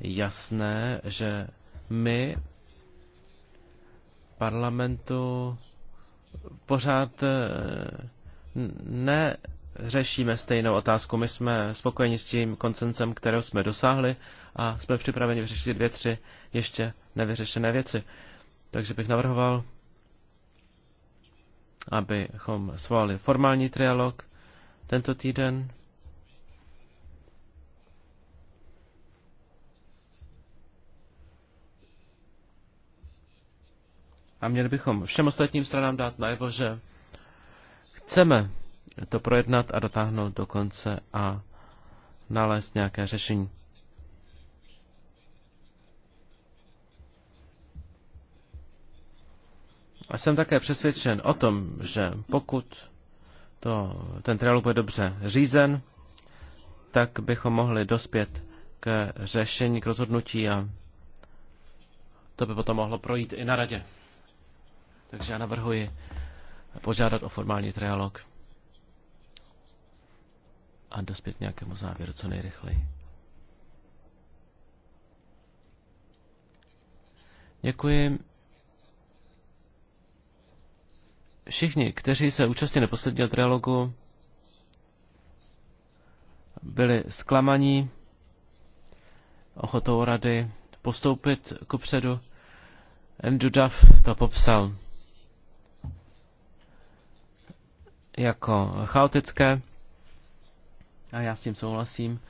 jasné, že my parlamentu pořád eh, neřešíme stejnou otázku. My jsme spokojeni s tím koncencem, kterého jsme dosáhli a jsme připraveni vyřešit dvě, tři ještě nevyřešené věci. Takže bych navrhoval, abychom svolali formální trialog tento týden. A měli bychom všem ostatním stranám dát najevo, že chceme to projednat a dotáhnout do konce a nalézt nějaké řešení. A jsem také přesvědčen o tom, že pokud to, ten trialog bude dobře řízen, tak bychom mohli dospět k řešení, k rozhodnutí a to by potom mohlo projít i na radě. Takže já navrhuji požádat o formální trialog a dospět nějakému závěru co nejrychleji. Děkuji. Všichni, kteří se účastnili posledního trialogu, byli zklamaní ochotou rady postoupit ku předu. Andrew Duff to popsal jako chaotické a já s tím souhlasím.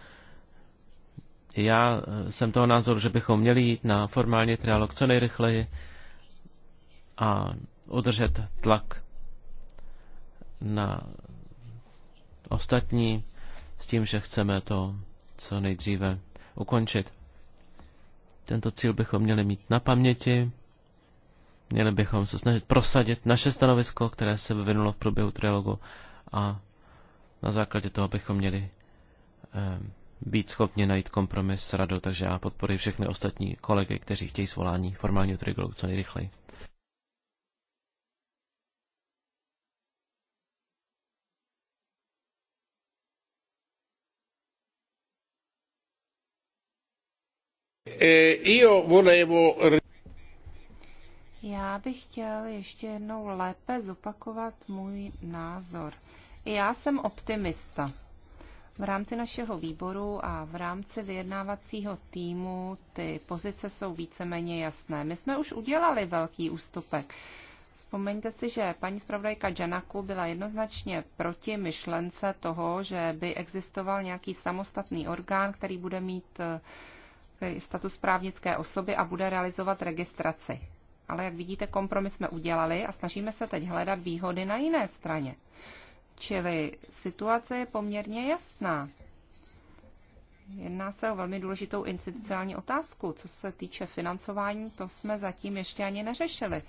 Já eh, jsem toho názoru, že bychom měli jít na formální trialog co nejrychleji a udržet tlak na ostatní s tím, že chceme to co nejdříve ukončit. Tento cíl bychom měli mít na paměti, měli bychom se snažit prosadit naše stanovisko, které se vyvinulo v průběhu trialogu a na základě toho bychom měli eh, být schopni najít kompromis s radou, takže já podporuji všechny ostatní kolegy, kteří chtějí svolání formálního trialogu co nejrychleji. E, io volevo... Já bych chtěl ještě jednou lépe zopakovat můj názor. Já jsem optimista. V rámci našeho výboru a v rámci vyjednávacího týmu ty pozice jsou víceméně jasné. My jsme už udělali velký ústupek. Vzpomeňte si, že paní zpravodajka Janaku byla jednoznačně proti myšlence toho, že by existoval nějaký samostatný orgán, který bude mít uh, Eh, status právnické osoby a bude realizovat registraci. Ale jak vidíte, kompromis jsme udělali a snažíme se teď hledat výhody na jiné straně. Čili situace je poměrně jasná. Jedná se o velmi důležitou institucionální otázku. Co se týče financování, to jsme zatím ještě ani neřešili.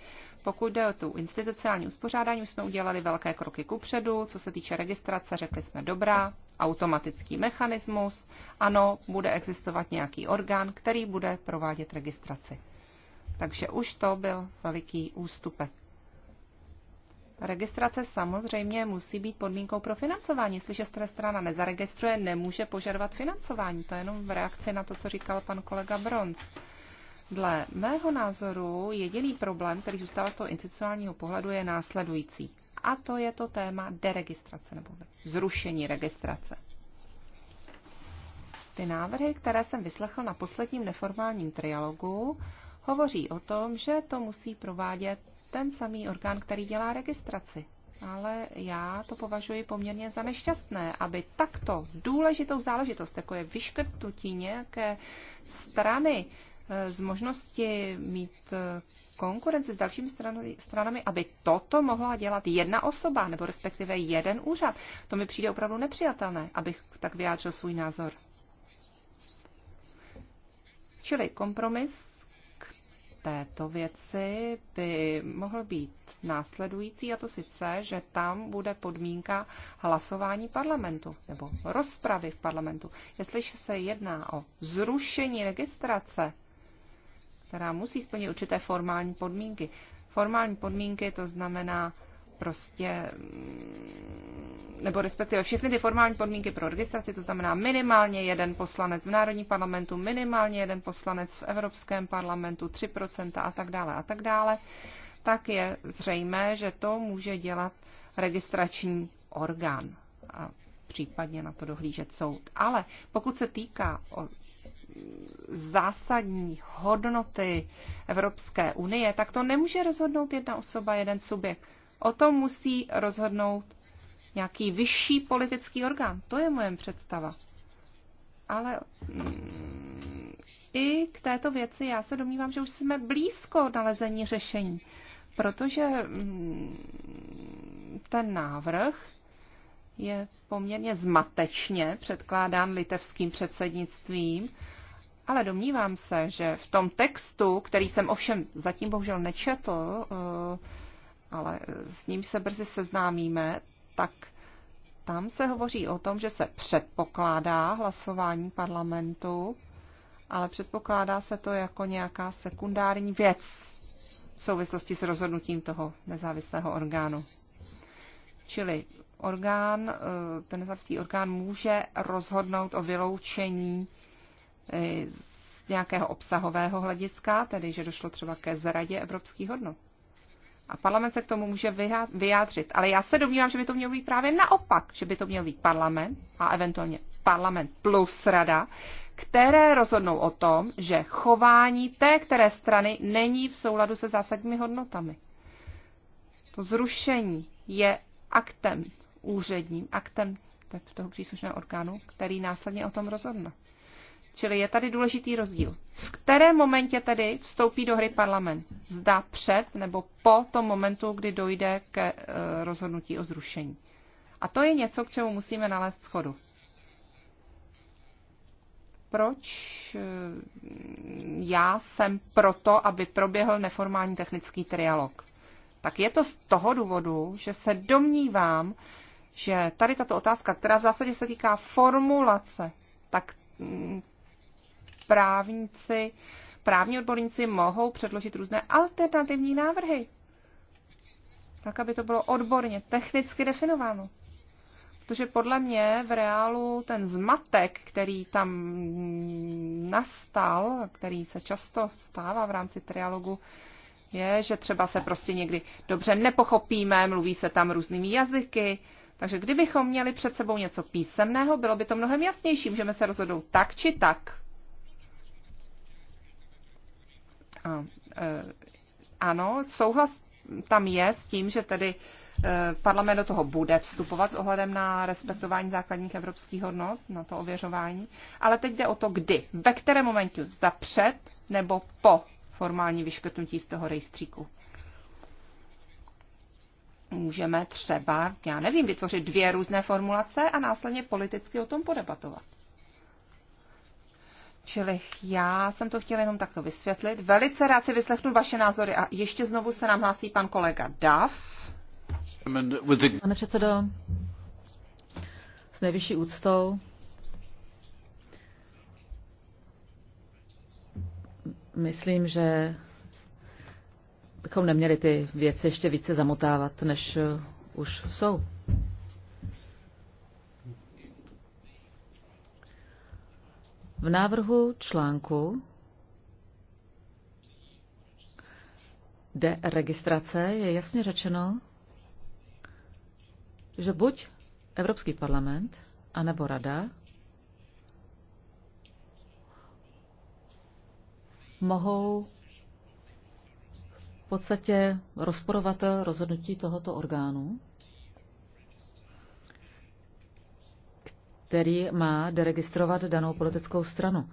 Pokud jde o tu institucionální uspořádání, už jsme udělali velké kroky kupředu. Co se týče registrace, řekli jsme dobrá, automatický mechanismus. Ano, bude existovat nějaký orgán, který bude provádět registraci. Takže už to byl veliký ústupek. Registrace samozřejmě musí být podmínkou pro financování. Jestliže se strana nezaregistruje, nemůže požadovat financování. To je jenom v reakci na to, co říkal pan kolega Bronz. Dle mého názoru jediný problém, který zůstává z toho institucionálního pohledu, je následující. A to je to téma deregistrace nebo zrušení registrace. Ty návrhy, které jsem vyslechl na posledním neformálním trialogu, hovoří o tom, že to musí provádět ten samý orgán, který dělá registraci. Ale já to považuji poměrně za nešťastné, aby takto důležitou záležitost, jako je vyškrtnutí nějaké strany eh, z možnosti mít eh, konkurenci s dalšími stranami, aby toto mohla dělat jedna osoba, nebo respektive jeden úřad. To mi přijde opravdu nepřijatelné, abych tak vyjádřil svůj názor. Čili kompromis této věci by mohl být následující, a to sice, že tam bude podmínka hlasování parlamentu nebo rozpravy v parlamentu. Jestliže se jedná o zrušení registrace, která musí splnit určité formální podmínky, formální podmínky to znamená prostě, mm, nebo respektive všechny ty formální podmínky pro registraci, to znamená minimálně jeden poslanec v Národním parlamentu, minimálně jeden poslanec v Evropském parlamentu, 3% a tak dále a tak dále, tak je zřejmé, že to může dělat registrační orgán a případně na to dohlížet soud. Ale pokud se týká o zásadní hodnoty Evropské unie, tak to nemůže rozhodnout jedna osoba, jeden subjekt. O tom musí rozhodnout nějaký vyšší politický orgán. To je moje představa. Ale mm, i k této věci já se domnívám, že už jsme blízko nalezení řešení, protože mm, ten návrh je poměrně zmatečně předkládán litevským předsednictvím, ale domnívám se, že v tom textu, který jsem ovšem zatím bohužel nečetl, uh, ale s ním se brzy seznámíme, tak tam se hovoří o tom, že se předpokládá hlasování parlamentu, ale předpokládá se to jako nějaká sekundární věc v souvislosti s rozhodnutím toho nezávislého orgánu. Čili orgán, eh, ten nezávislý orgán může rozhodnout o vyloučení eh, z nějakého obsahového hlediska, tedy že došlo třeba ke zradě evropských hodnot a parlament se k tomu může vyjádřit. Ale já se domnívám, že by to mělo být právě naopak, že by to měl být parlament a eventuálně parlament plus rada, které rozhodnou o tom, že chování té které strany není v souladu se zásadními hodnotami. To zrušení je aktem úředním, aktem toho příslušného orgánu, který následně o tom rozhodne. Čili je tady důležitý rozdíl. V kterém momentě tedy vstoupí do hry parlament? Zda před nebo po tom momentu, kdy dojde ke eh, rozhodnutí o zrušení. A to je něco, k čemu musíme nalézt schodu. Proč eh, já jsem proto, aby proběhl neformální technický trialog? Tak je to z toho důvodu, že se domnívám, že tady tato otázka, která v zásadě se týká formulace, tak mm, právníci, právní odborníci mohou předložit různé alternativní návrhy. Tak, aby to bylo odborně, technicky definováno. Protože podle mě v reálu ten zmatek, který tam nastal, který se často stává v rámci trialogu, je, že třeba se prostě někdy dobře nepochopíme, mluví se tam různými jazyky. Takže kdybychom měli před sebou něco písemného, bylo by to mnohem jasnější, můžeme se rozhodnout tak či tak. E, ano, souhlas tam je s tím, že tedy e, parlament do toho bude vstupovat s ohledem na respektování základních evropských hodnot, na to ověřování. Ale teď jde o to, kdy, ve kterém momentu, zda před nebo po formální vyškrtnutí z toho rejstříku. Můžeme třeba, já nevím, vytvořit dvě různé formulace a následně politicky o tom podebatovat. Čili já jsem to chtěla jenom takto vysvětlit. Velice rád si vyslechnu vaše názory a ještě znovu se nám hlásí pan kolega Duff. Pane předsedo, s nejvyšší úctou myslím, že bychom neměli ty věci ještě více zamotávat, než už jsou. V návrhu článku deregistrace je jasně řečeno, že buď Evropský parlament, anebo Rada mohou v podstatě rozporovat rozhodnutí tohoto orgánu který má deregistrovat danou politickou stranu.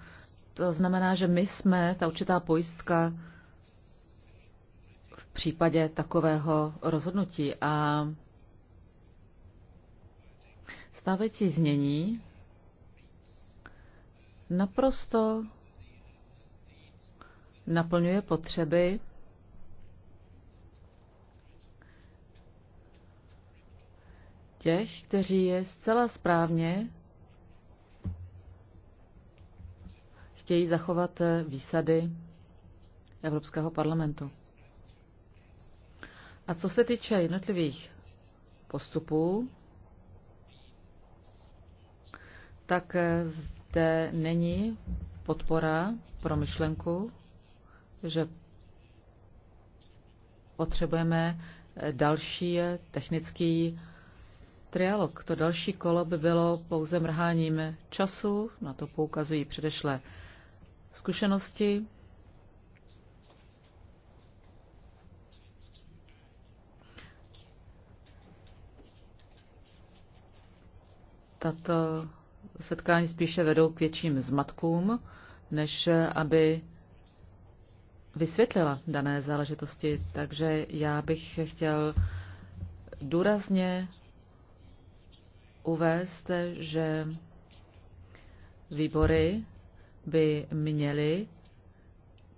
To znamená, že my jsme ta určitá pojistka v případě takového rozhodnutí. A stávající znění naprosto naplňuje potřeby těch, kteří je zcela správně chtějí zachovat eh, výsady Evropského parlamentu. A co se týče jednotlivých postupů, tak eh, zde není podpora pro myšlenku, že potřebujeme eh, další technický trialog. To další kolo by bylo pouze mrháním času, na to poukazují předešlé zkušenosti. Tato setkání spíše vedou k větším zmatkům, než aby vysvětlila dané záležitosti. Takže já bych chtěl důrazně uvést, že výbory by měli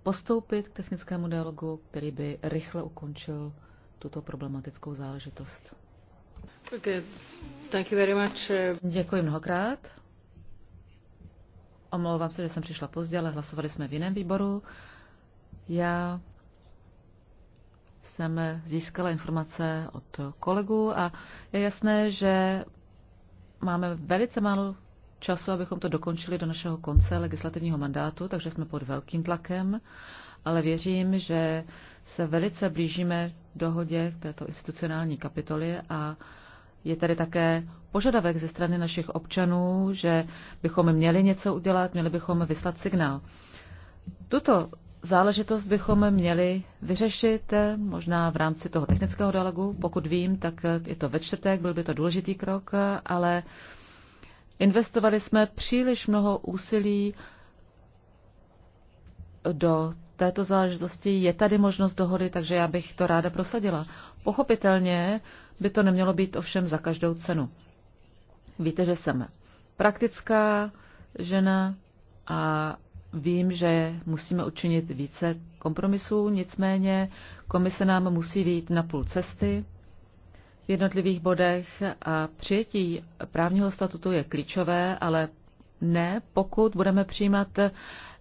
postoupit k technickému dialogu, který by rychle ukončil tuto problematickou záležitost. Okay. Thank you very much. Děkuji mnohokrát. Omlouvám se, že jsem přišla pozdě, ale hlasovali jsme v jiném výboru. Já jsem získala informace od kolegů a je jasné, že máme velice málo času, abychom to dokončili do našeho konce legislativního mandátu, takže jsme pod velkým tlakem, ale věřím, že se velice blížíme dohodě této institucionální kapitoly a je tady také požadavek ze strany našich občanů, že bychom měli něco udělat, měli bychom vyslat signál. Tuto záležitost bychom měli vyřešit eh, možná v rámci toho technického dialogu. Pokud vím, tak eh, je to ve čtvrtek, byl by to důležitý krok, eh, ale Investovali jsme příliš mnoho úsilí do této záležitosti. Je tady možnost dohody, takže já bych to ráda prosadila. Pochopitelně by to nemělo být ovšem za každou cenu. Víte, že jsem praktická žena a vím, že musíme učinit více kompromisů, nicméně komise nám musí výjít na půl cesty v jednotlivých bodech a přijetí právního statutu je klíčové, ale ne, pokud budeme přijímat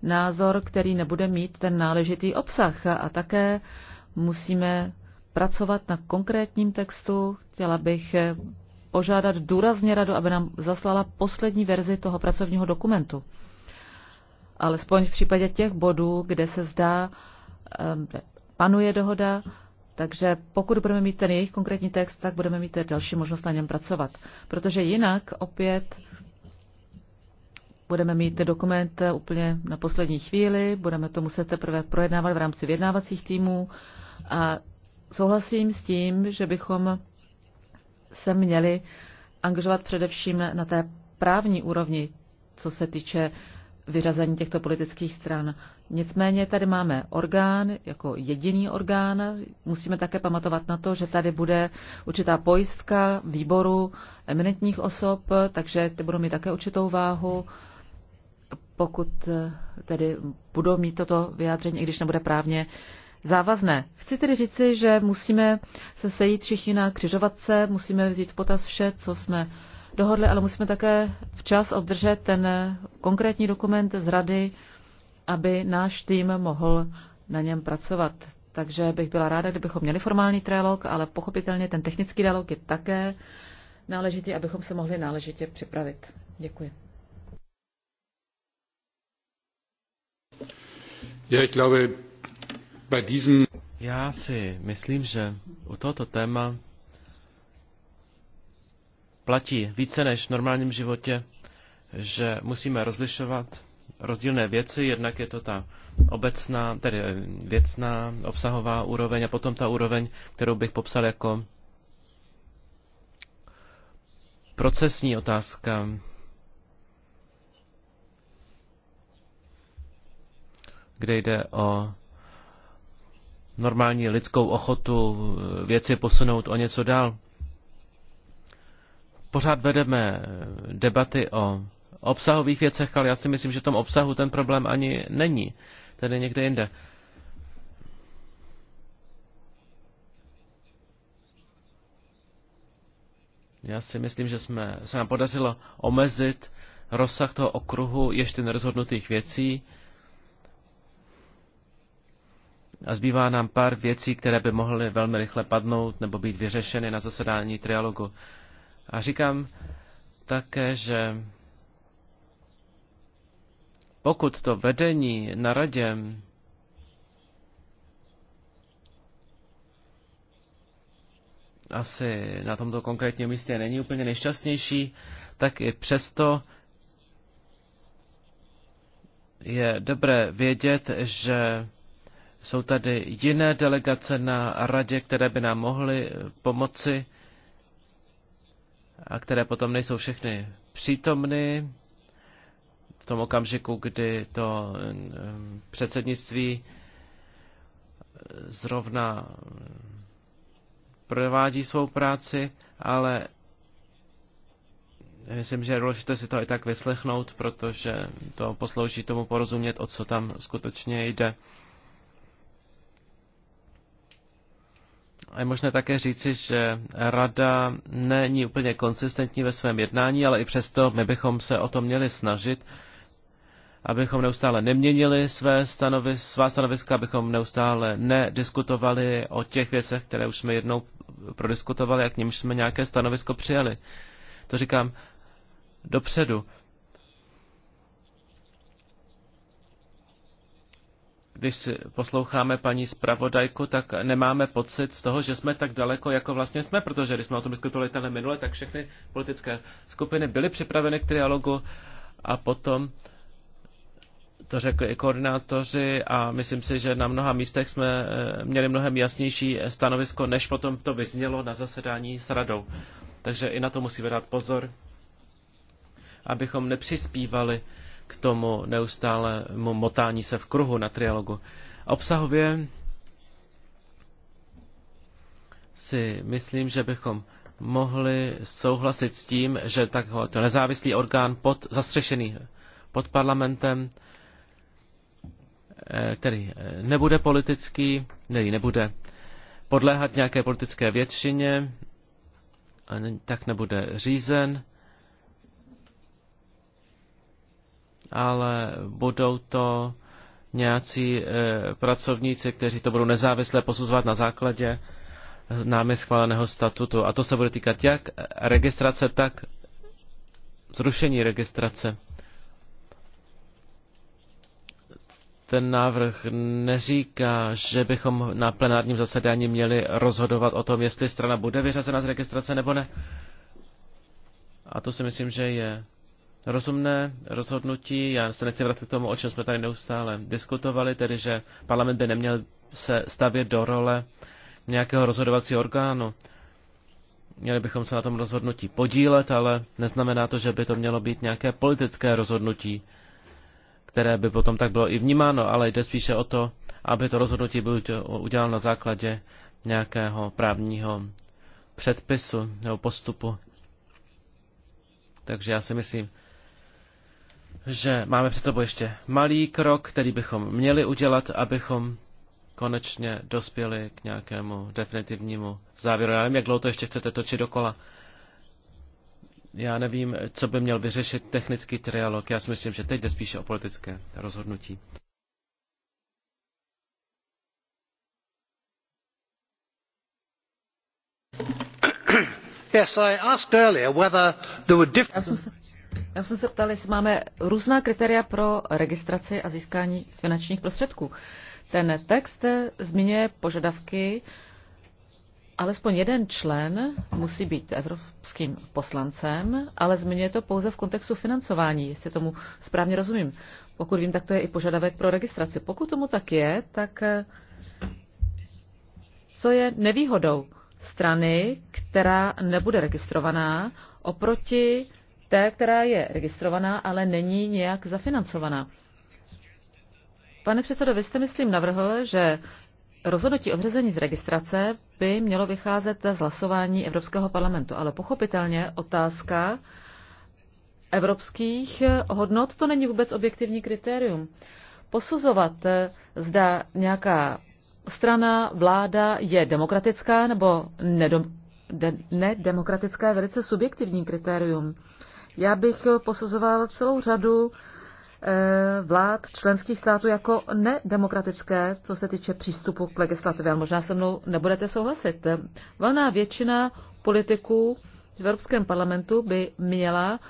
názor, který nebude mít ten náležitý obsah. A také musíme pracovat na konkrétním textu. Chtěla bych požádat důrazně radu, aby nám zaslala poslední verzi toho pracovního dokumentu. Alespoň v případě těch bodů, kde se zdá, eh, panuje dohoda, takže pokud budeme mít ten jejich konkrétní text, tak budeme mít další možnost na něm pracovat. Protože jinak opět budeme mít dokument úplně na poslední chvíli, budeme to muset teprve projednávat v rámci vyjednávacích týmů a souhlasím s tím, že bychom se měli angažovat především na té právní úrovni, co se týče vyřazení těchto politických stran. Nicméně tady máme orgán jako jediný orgán. Musíme také pamatovat na to, že tady bude určitá pojistka výboru eminentních osob, takže ty budou mít také určitou váhu, pokud eh, tedy budou mít toto vyjádření, i když nebude právně závazné. Chci tedy říci, že musíme se sejít všichni na křižovatce, musíme vzít v potaz vše, co jsme dohodli, ale musíme také včas obdržet ten konkrétní dokument z rady, aby náš tým mohl na něm pracovat. Takže bych byla ráda, kdybychom měli formální trialog, ale pochopitelně ten technický dialog je také náležitý, abychom se mohli náležitě připravit. Děkuji. Já, ich glaube, bei diesem... Já si myslím, že u tohoto téma platí více než v normálním životě, že musíme rozlišovat rozdílné věci, jednak je to ta obecná, tedy eh, věcná, obsahová úroveň a potom ta úroveň, kterou bych popsal jako procesní otázka. kde jde o normální lidskou ochotu eh, věci posunout o něco dál pořád vedeme debaty o obsahových věcech, ale já si myslím, že v tom obsahu ten problém ani není. Tedy někde jinde. Já si myslím, že jsme, se nám podařilo omezit rozsah toho okruhu ještě nerozhodnutých věcí a zbývá nám pár věcí, které by mohly velmi rychle padnout nebo být vyřešeny na zasedání trialogu. A říkám také, že pokud to vedení na radě asi na tomto konkrétním místě není úplně nejšťastnější, tak i přesto je dobré vědět, že jsou tady jiné delegace na radě, které by nám mohly pomoci a které potom nejsou všechny přítomny v tom okamžiku, kdy to mm, mm, předsednictví mm, zrovna provádí svou práci, ale myslím, že je důležité si to i tak vyslechnout, protože to poslouží tomu porozumět, o co tam skutečně jde. A je možné také říci, že rada není úplně konsistentní ve svém jednání, ale i přesto my bychom se o to měli snažit, abychom neustále neměnili své stanovis, svá stanoviska, abychom neustále nediskutovali o těch věcech, které už jsme jednou prodiskutovali a k nimž jsme nějaké stanovisko přijali. To říkám dopředu, když si posloucháme paní zpravodajku, tak nemáme pocit z toho, že jsme tak daleko, jako vlastně jsme, protože když jsme o tom diskutovali tady minule, tak všechny politické skupiny byly připraveny k trialogu a potom to řekli i koordinátoři a myslím si, že na mnoha místech jsme eh, měli mnohem jasnější stanovisko, než potom to vyznělo na zasedání s radou. Takže i na to musíme dát pozor, abychom nepřispívali k tomu neustálému motání se v kruhu na trialogu. Obsahově si myslím, že bychom mohli souhlasit s tím, že takovýto nezávislý orgán pod, zastřešený pod parlamentem, eh, který nebude politický, který nebude podléhat nějaké politické většině, a tak nebude řízen, ale budou to nějací e, pracovníci, kteří to budou nezávisle posuzovat na základě námi schváleného statutu. A to se bude týkat jak registrace, tak zrušení registrace. Ten návrh neříká, že bychom na plenárním zasedání měli rozhodovat o tom, jestli strana bude vyřazena z registrace nebo ne. A to si myslím, že je rozumné rozhodnutí. Já se nechci vrátit k tomu, o čem jsme tady neustále diskutovali, tedy že parlament by neměl se stavět do role nějakého rozhodovacího orgánu. Měli bychom se na tom rozhodnutí podílet, ale neznamená to, že by to mělo být nějaké politické rozhodnutí, které by potom tak bylo i vnímáno, ale jde spíše o to, aby to rozhodnutí bylo uděláno na základě nějakého právního předpisu nebo postupu. Takže já si myslím, že máme před sebou ještě malý krok, který bychom měli udělat, abychom konečně dospěli k nějakému definitivnímu závěru. Já nevím, jak dlouho to ještě chcete točit dokola. Já nevím, co by měl vyřešit technický trialog. Já si myslím, že teď jde spíše o politické rozhodnutí. Já jsem se já jsem se ptala, jestli máme různá kritéria pro registraci a získání finančních prostředků. Ten text zmiňuje požadavky, alespoň jeden člen musí být evropským poslancem, ale zmiňuje to pouze v kontextu financování, jestli tomu správně rozumím. Pokud vím, tak to je i požadavek pro registraci. Pokud tomu tak je, tak eh, co je nevýhodou strany, která nebude registrovaná, oproti té, která je registrovaná, ale není nějak zafinancovaná. Pane předsedo, vy jste, myslím, navrhl, že rozhodnutí o vřezení z registrace by mělo vycházet z hlasování Evropského parlamentu, ale pochopitelně otázka evropských hodnot to není vůbec objektivní kritérium. Posuzovat, zda nějaká strana, vláda je demokratická nebo nedemokratická je velice subjektivní kritérium. Já bych posuzoval celou řadu eh, vlád členských států jako nedemokratické, co se týče přístupu k legislativě. A možná se mnou nebudete souhlasit. Valná většina politiků v Evropském parlamentu by měla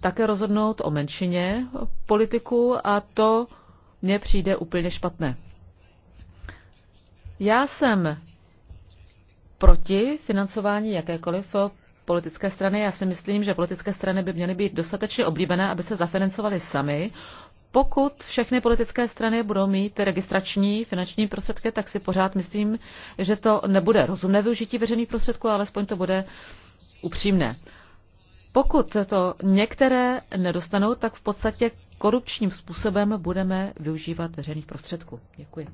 také rozhodnout o menšině politiků a to mně přijde úplně špatné. Já jsem proti financování jakékoliv politické strany. Já si myslím, že politické strany by měly být dostatečně oblíbené, aby se zafinancovaly sami. Pokud všechny politické strany budou mít registrační finanční prostředky, tak si pořád myslím, že to nebude rozumné využití veřejných prostředků, ale alespoň to bude upřímné. Pokud to některé nedostanou, tak v podstatě korupčním způsobem budeme využívat veřejných prostředků. Děkuji.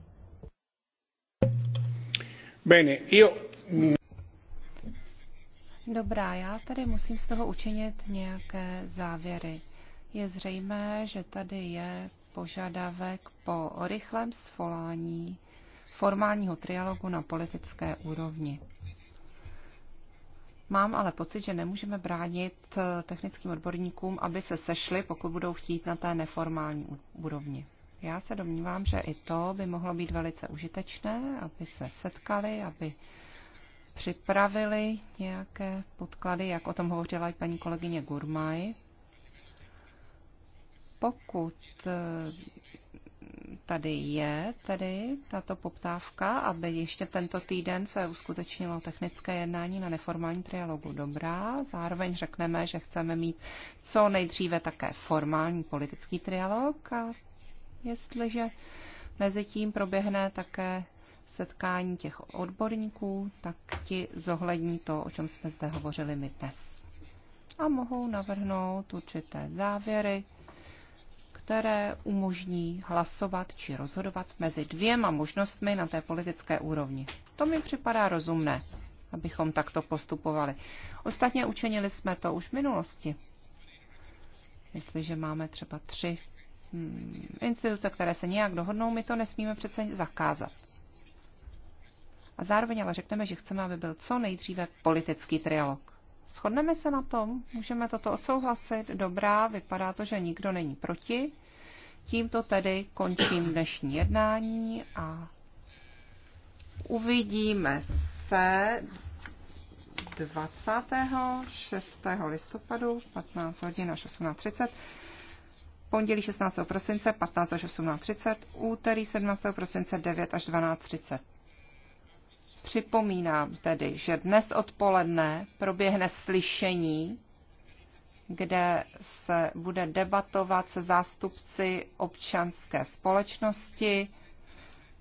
Bene, io... Dobrá, já tady musím z toho učinit nějaké závěry. Je zřejmé, že tady je požadavek po rychlém svolání formálního trialogu na politické úrovni. Mám ale pocit, že nemůžeme bránit eh, technickým odborníkům, aby se sešli, pokud budou chtít na té neformální úrovni. Já se domnívám, že i to by mohlo být velice užitečné, aby se setkali, aby připravili nějaké podklady, jak o tom hovořila i paní kolegyně Gurmaj. Pokud eh, tady je tedy tato poptávka, aby ještě tento týden se uskutečnilo technické jednání na neformální trialogu dobrá. Zároveň řekneme, že chceme mít co nejdříve také formální politický trialog a jestliže mezi tím proběhne také setkání těch odborníků, tak ti zohlední to, o čem jsme zde hovořili my dnes. A mohou navrhnout určité závěry, které umožní hlasovat či rozhodovat mezi dvěma možnostmi na té politické úrovni. To mi připadá rozumné, abychom takto postupovali. Ostatně učinili jsme to už v minulosti. Jestliže máme třeba tři hmm, instituce, které se nějak dohodnou, my to nesmíme přece zakázat. A zároveň ale řekneme, že chceme, aby byl co nejdříve politický trialog. Shodneme se na tom, můžeme toto odsouhlasit, dobrá, vypadá to, že nikdo není proti. Tímto tedy končím dnešní jednání a uvidíme se 26. listopadu 15 hodin až 18.30, pondělí 16. prosince 15 až 18.30, úterý 17. prosince 9 až 12.30. Připomínám tedy, že dnes odpoledne proběhne slyšení, kde se bude debatovat se zástupci občanské společnosti,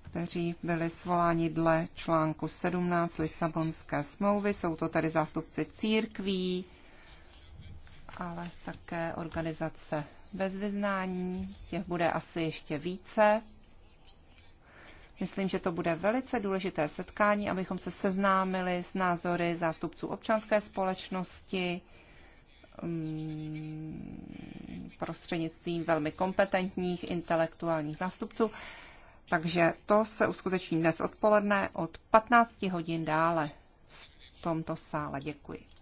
kteří byli svoláni dle článku 17 Lisabonské smlouvy. Jsou to tedy zástupci církví, ale také organizace bez vyznání. Těch bude asi ještě více. Myslím, že to bude velice důležité setkání, abychom se seznámili s názory zástupců občanské společnosti mm, prostřednictvím velmi kompetentních intelektuálních zástupců. Takže to se uskuteční dnes odpoledne od 15 hodin dále v tomto sále. Děkuji.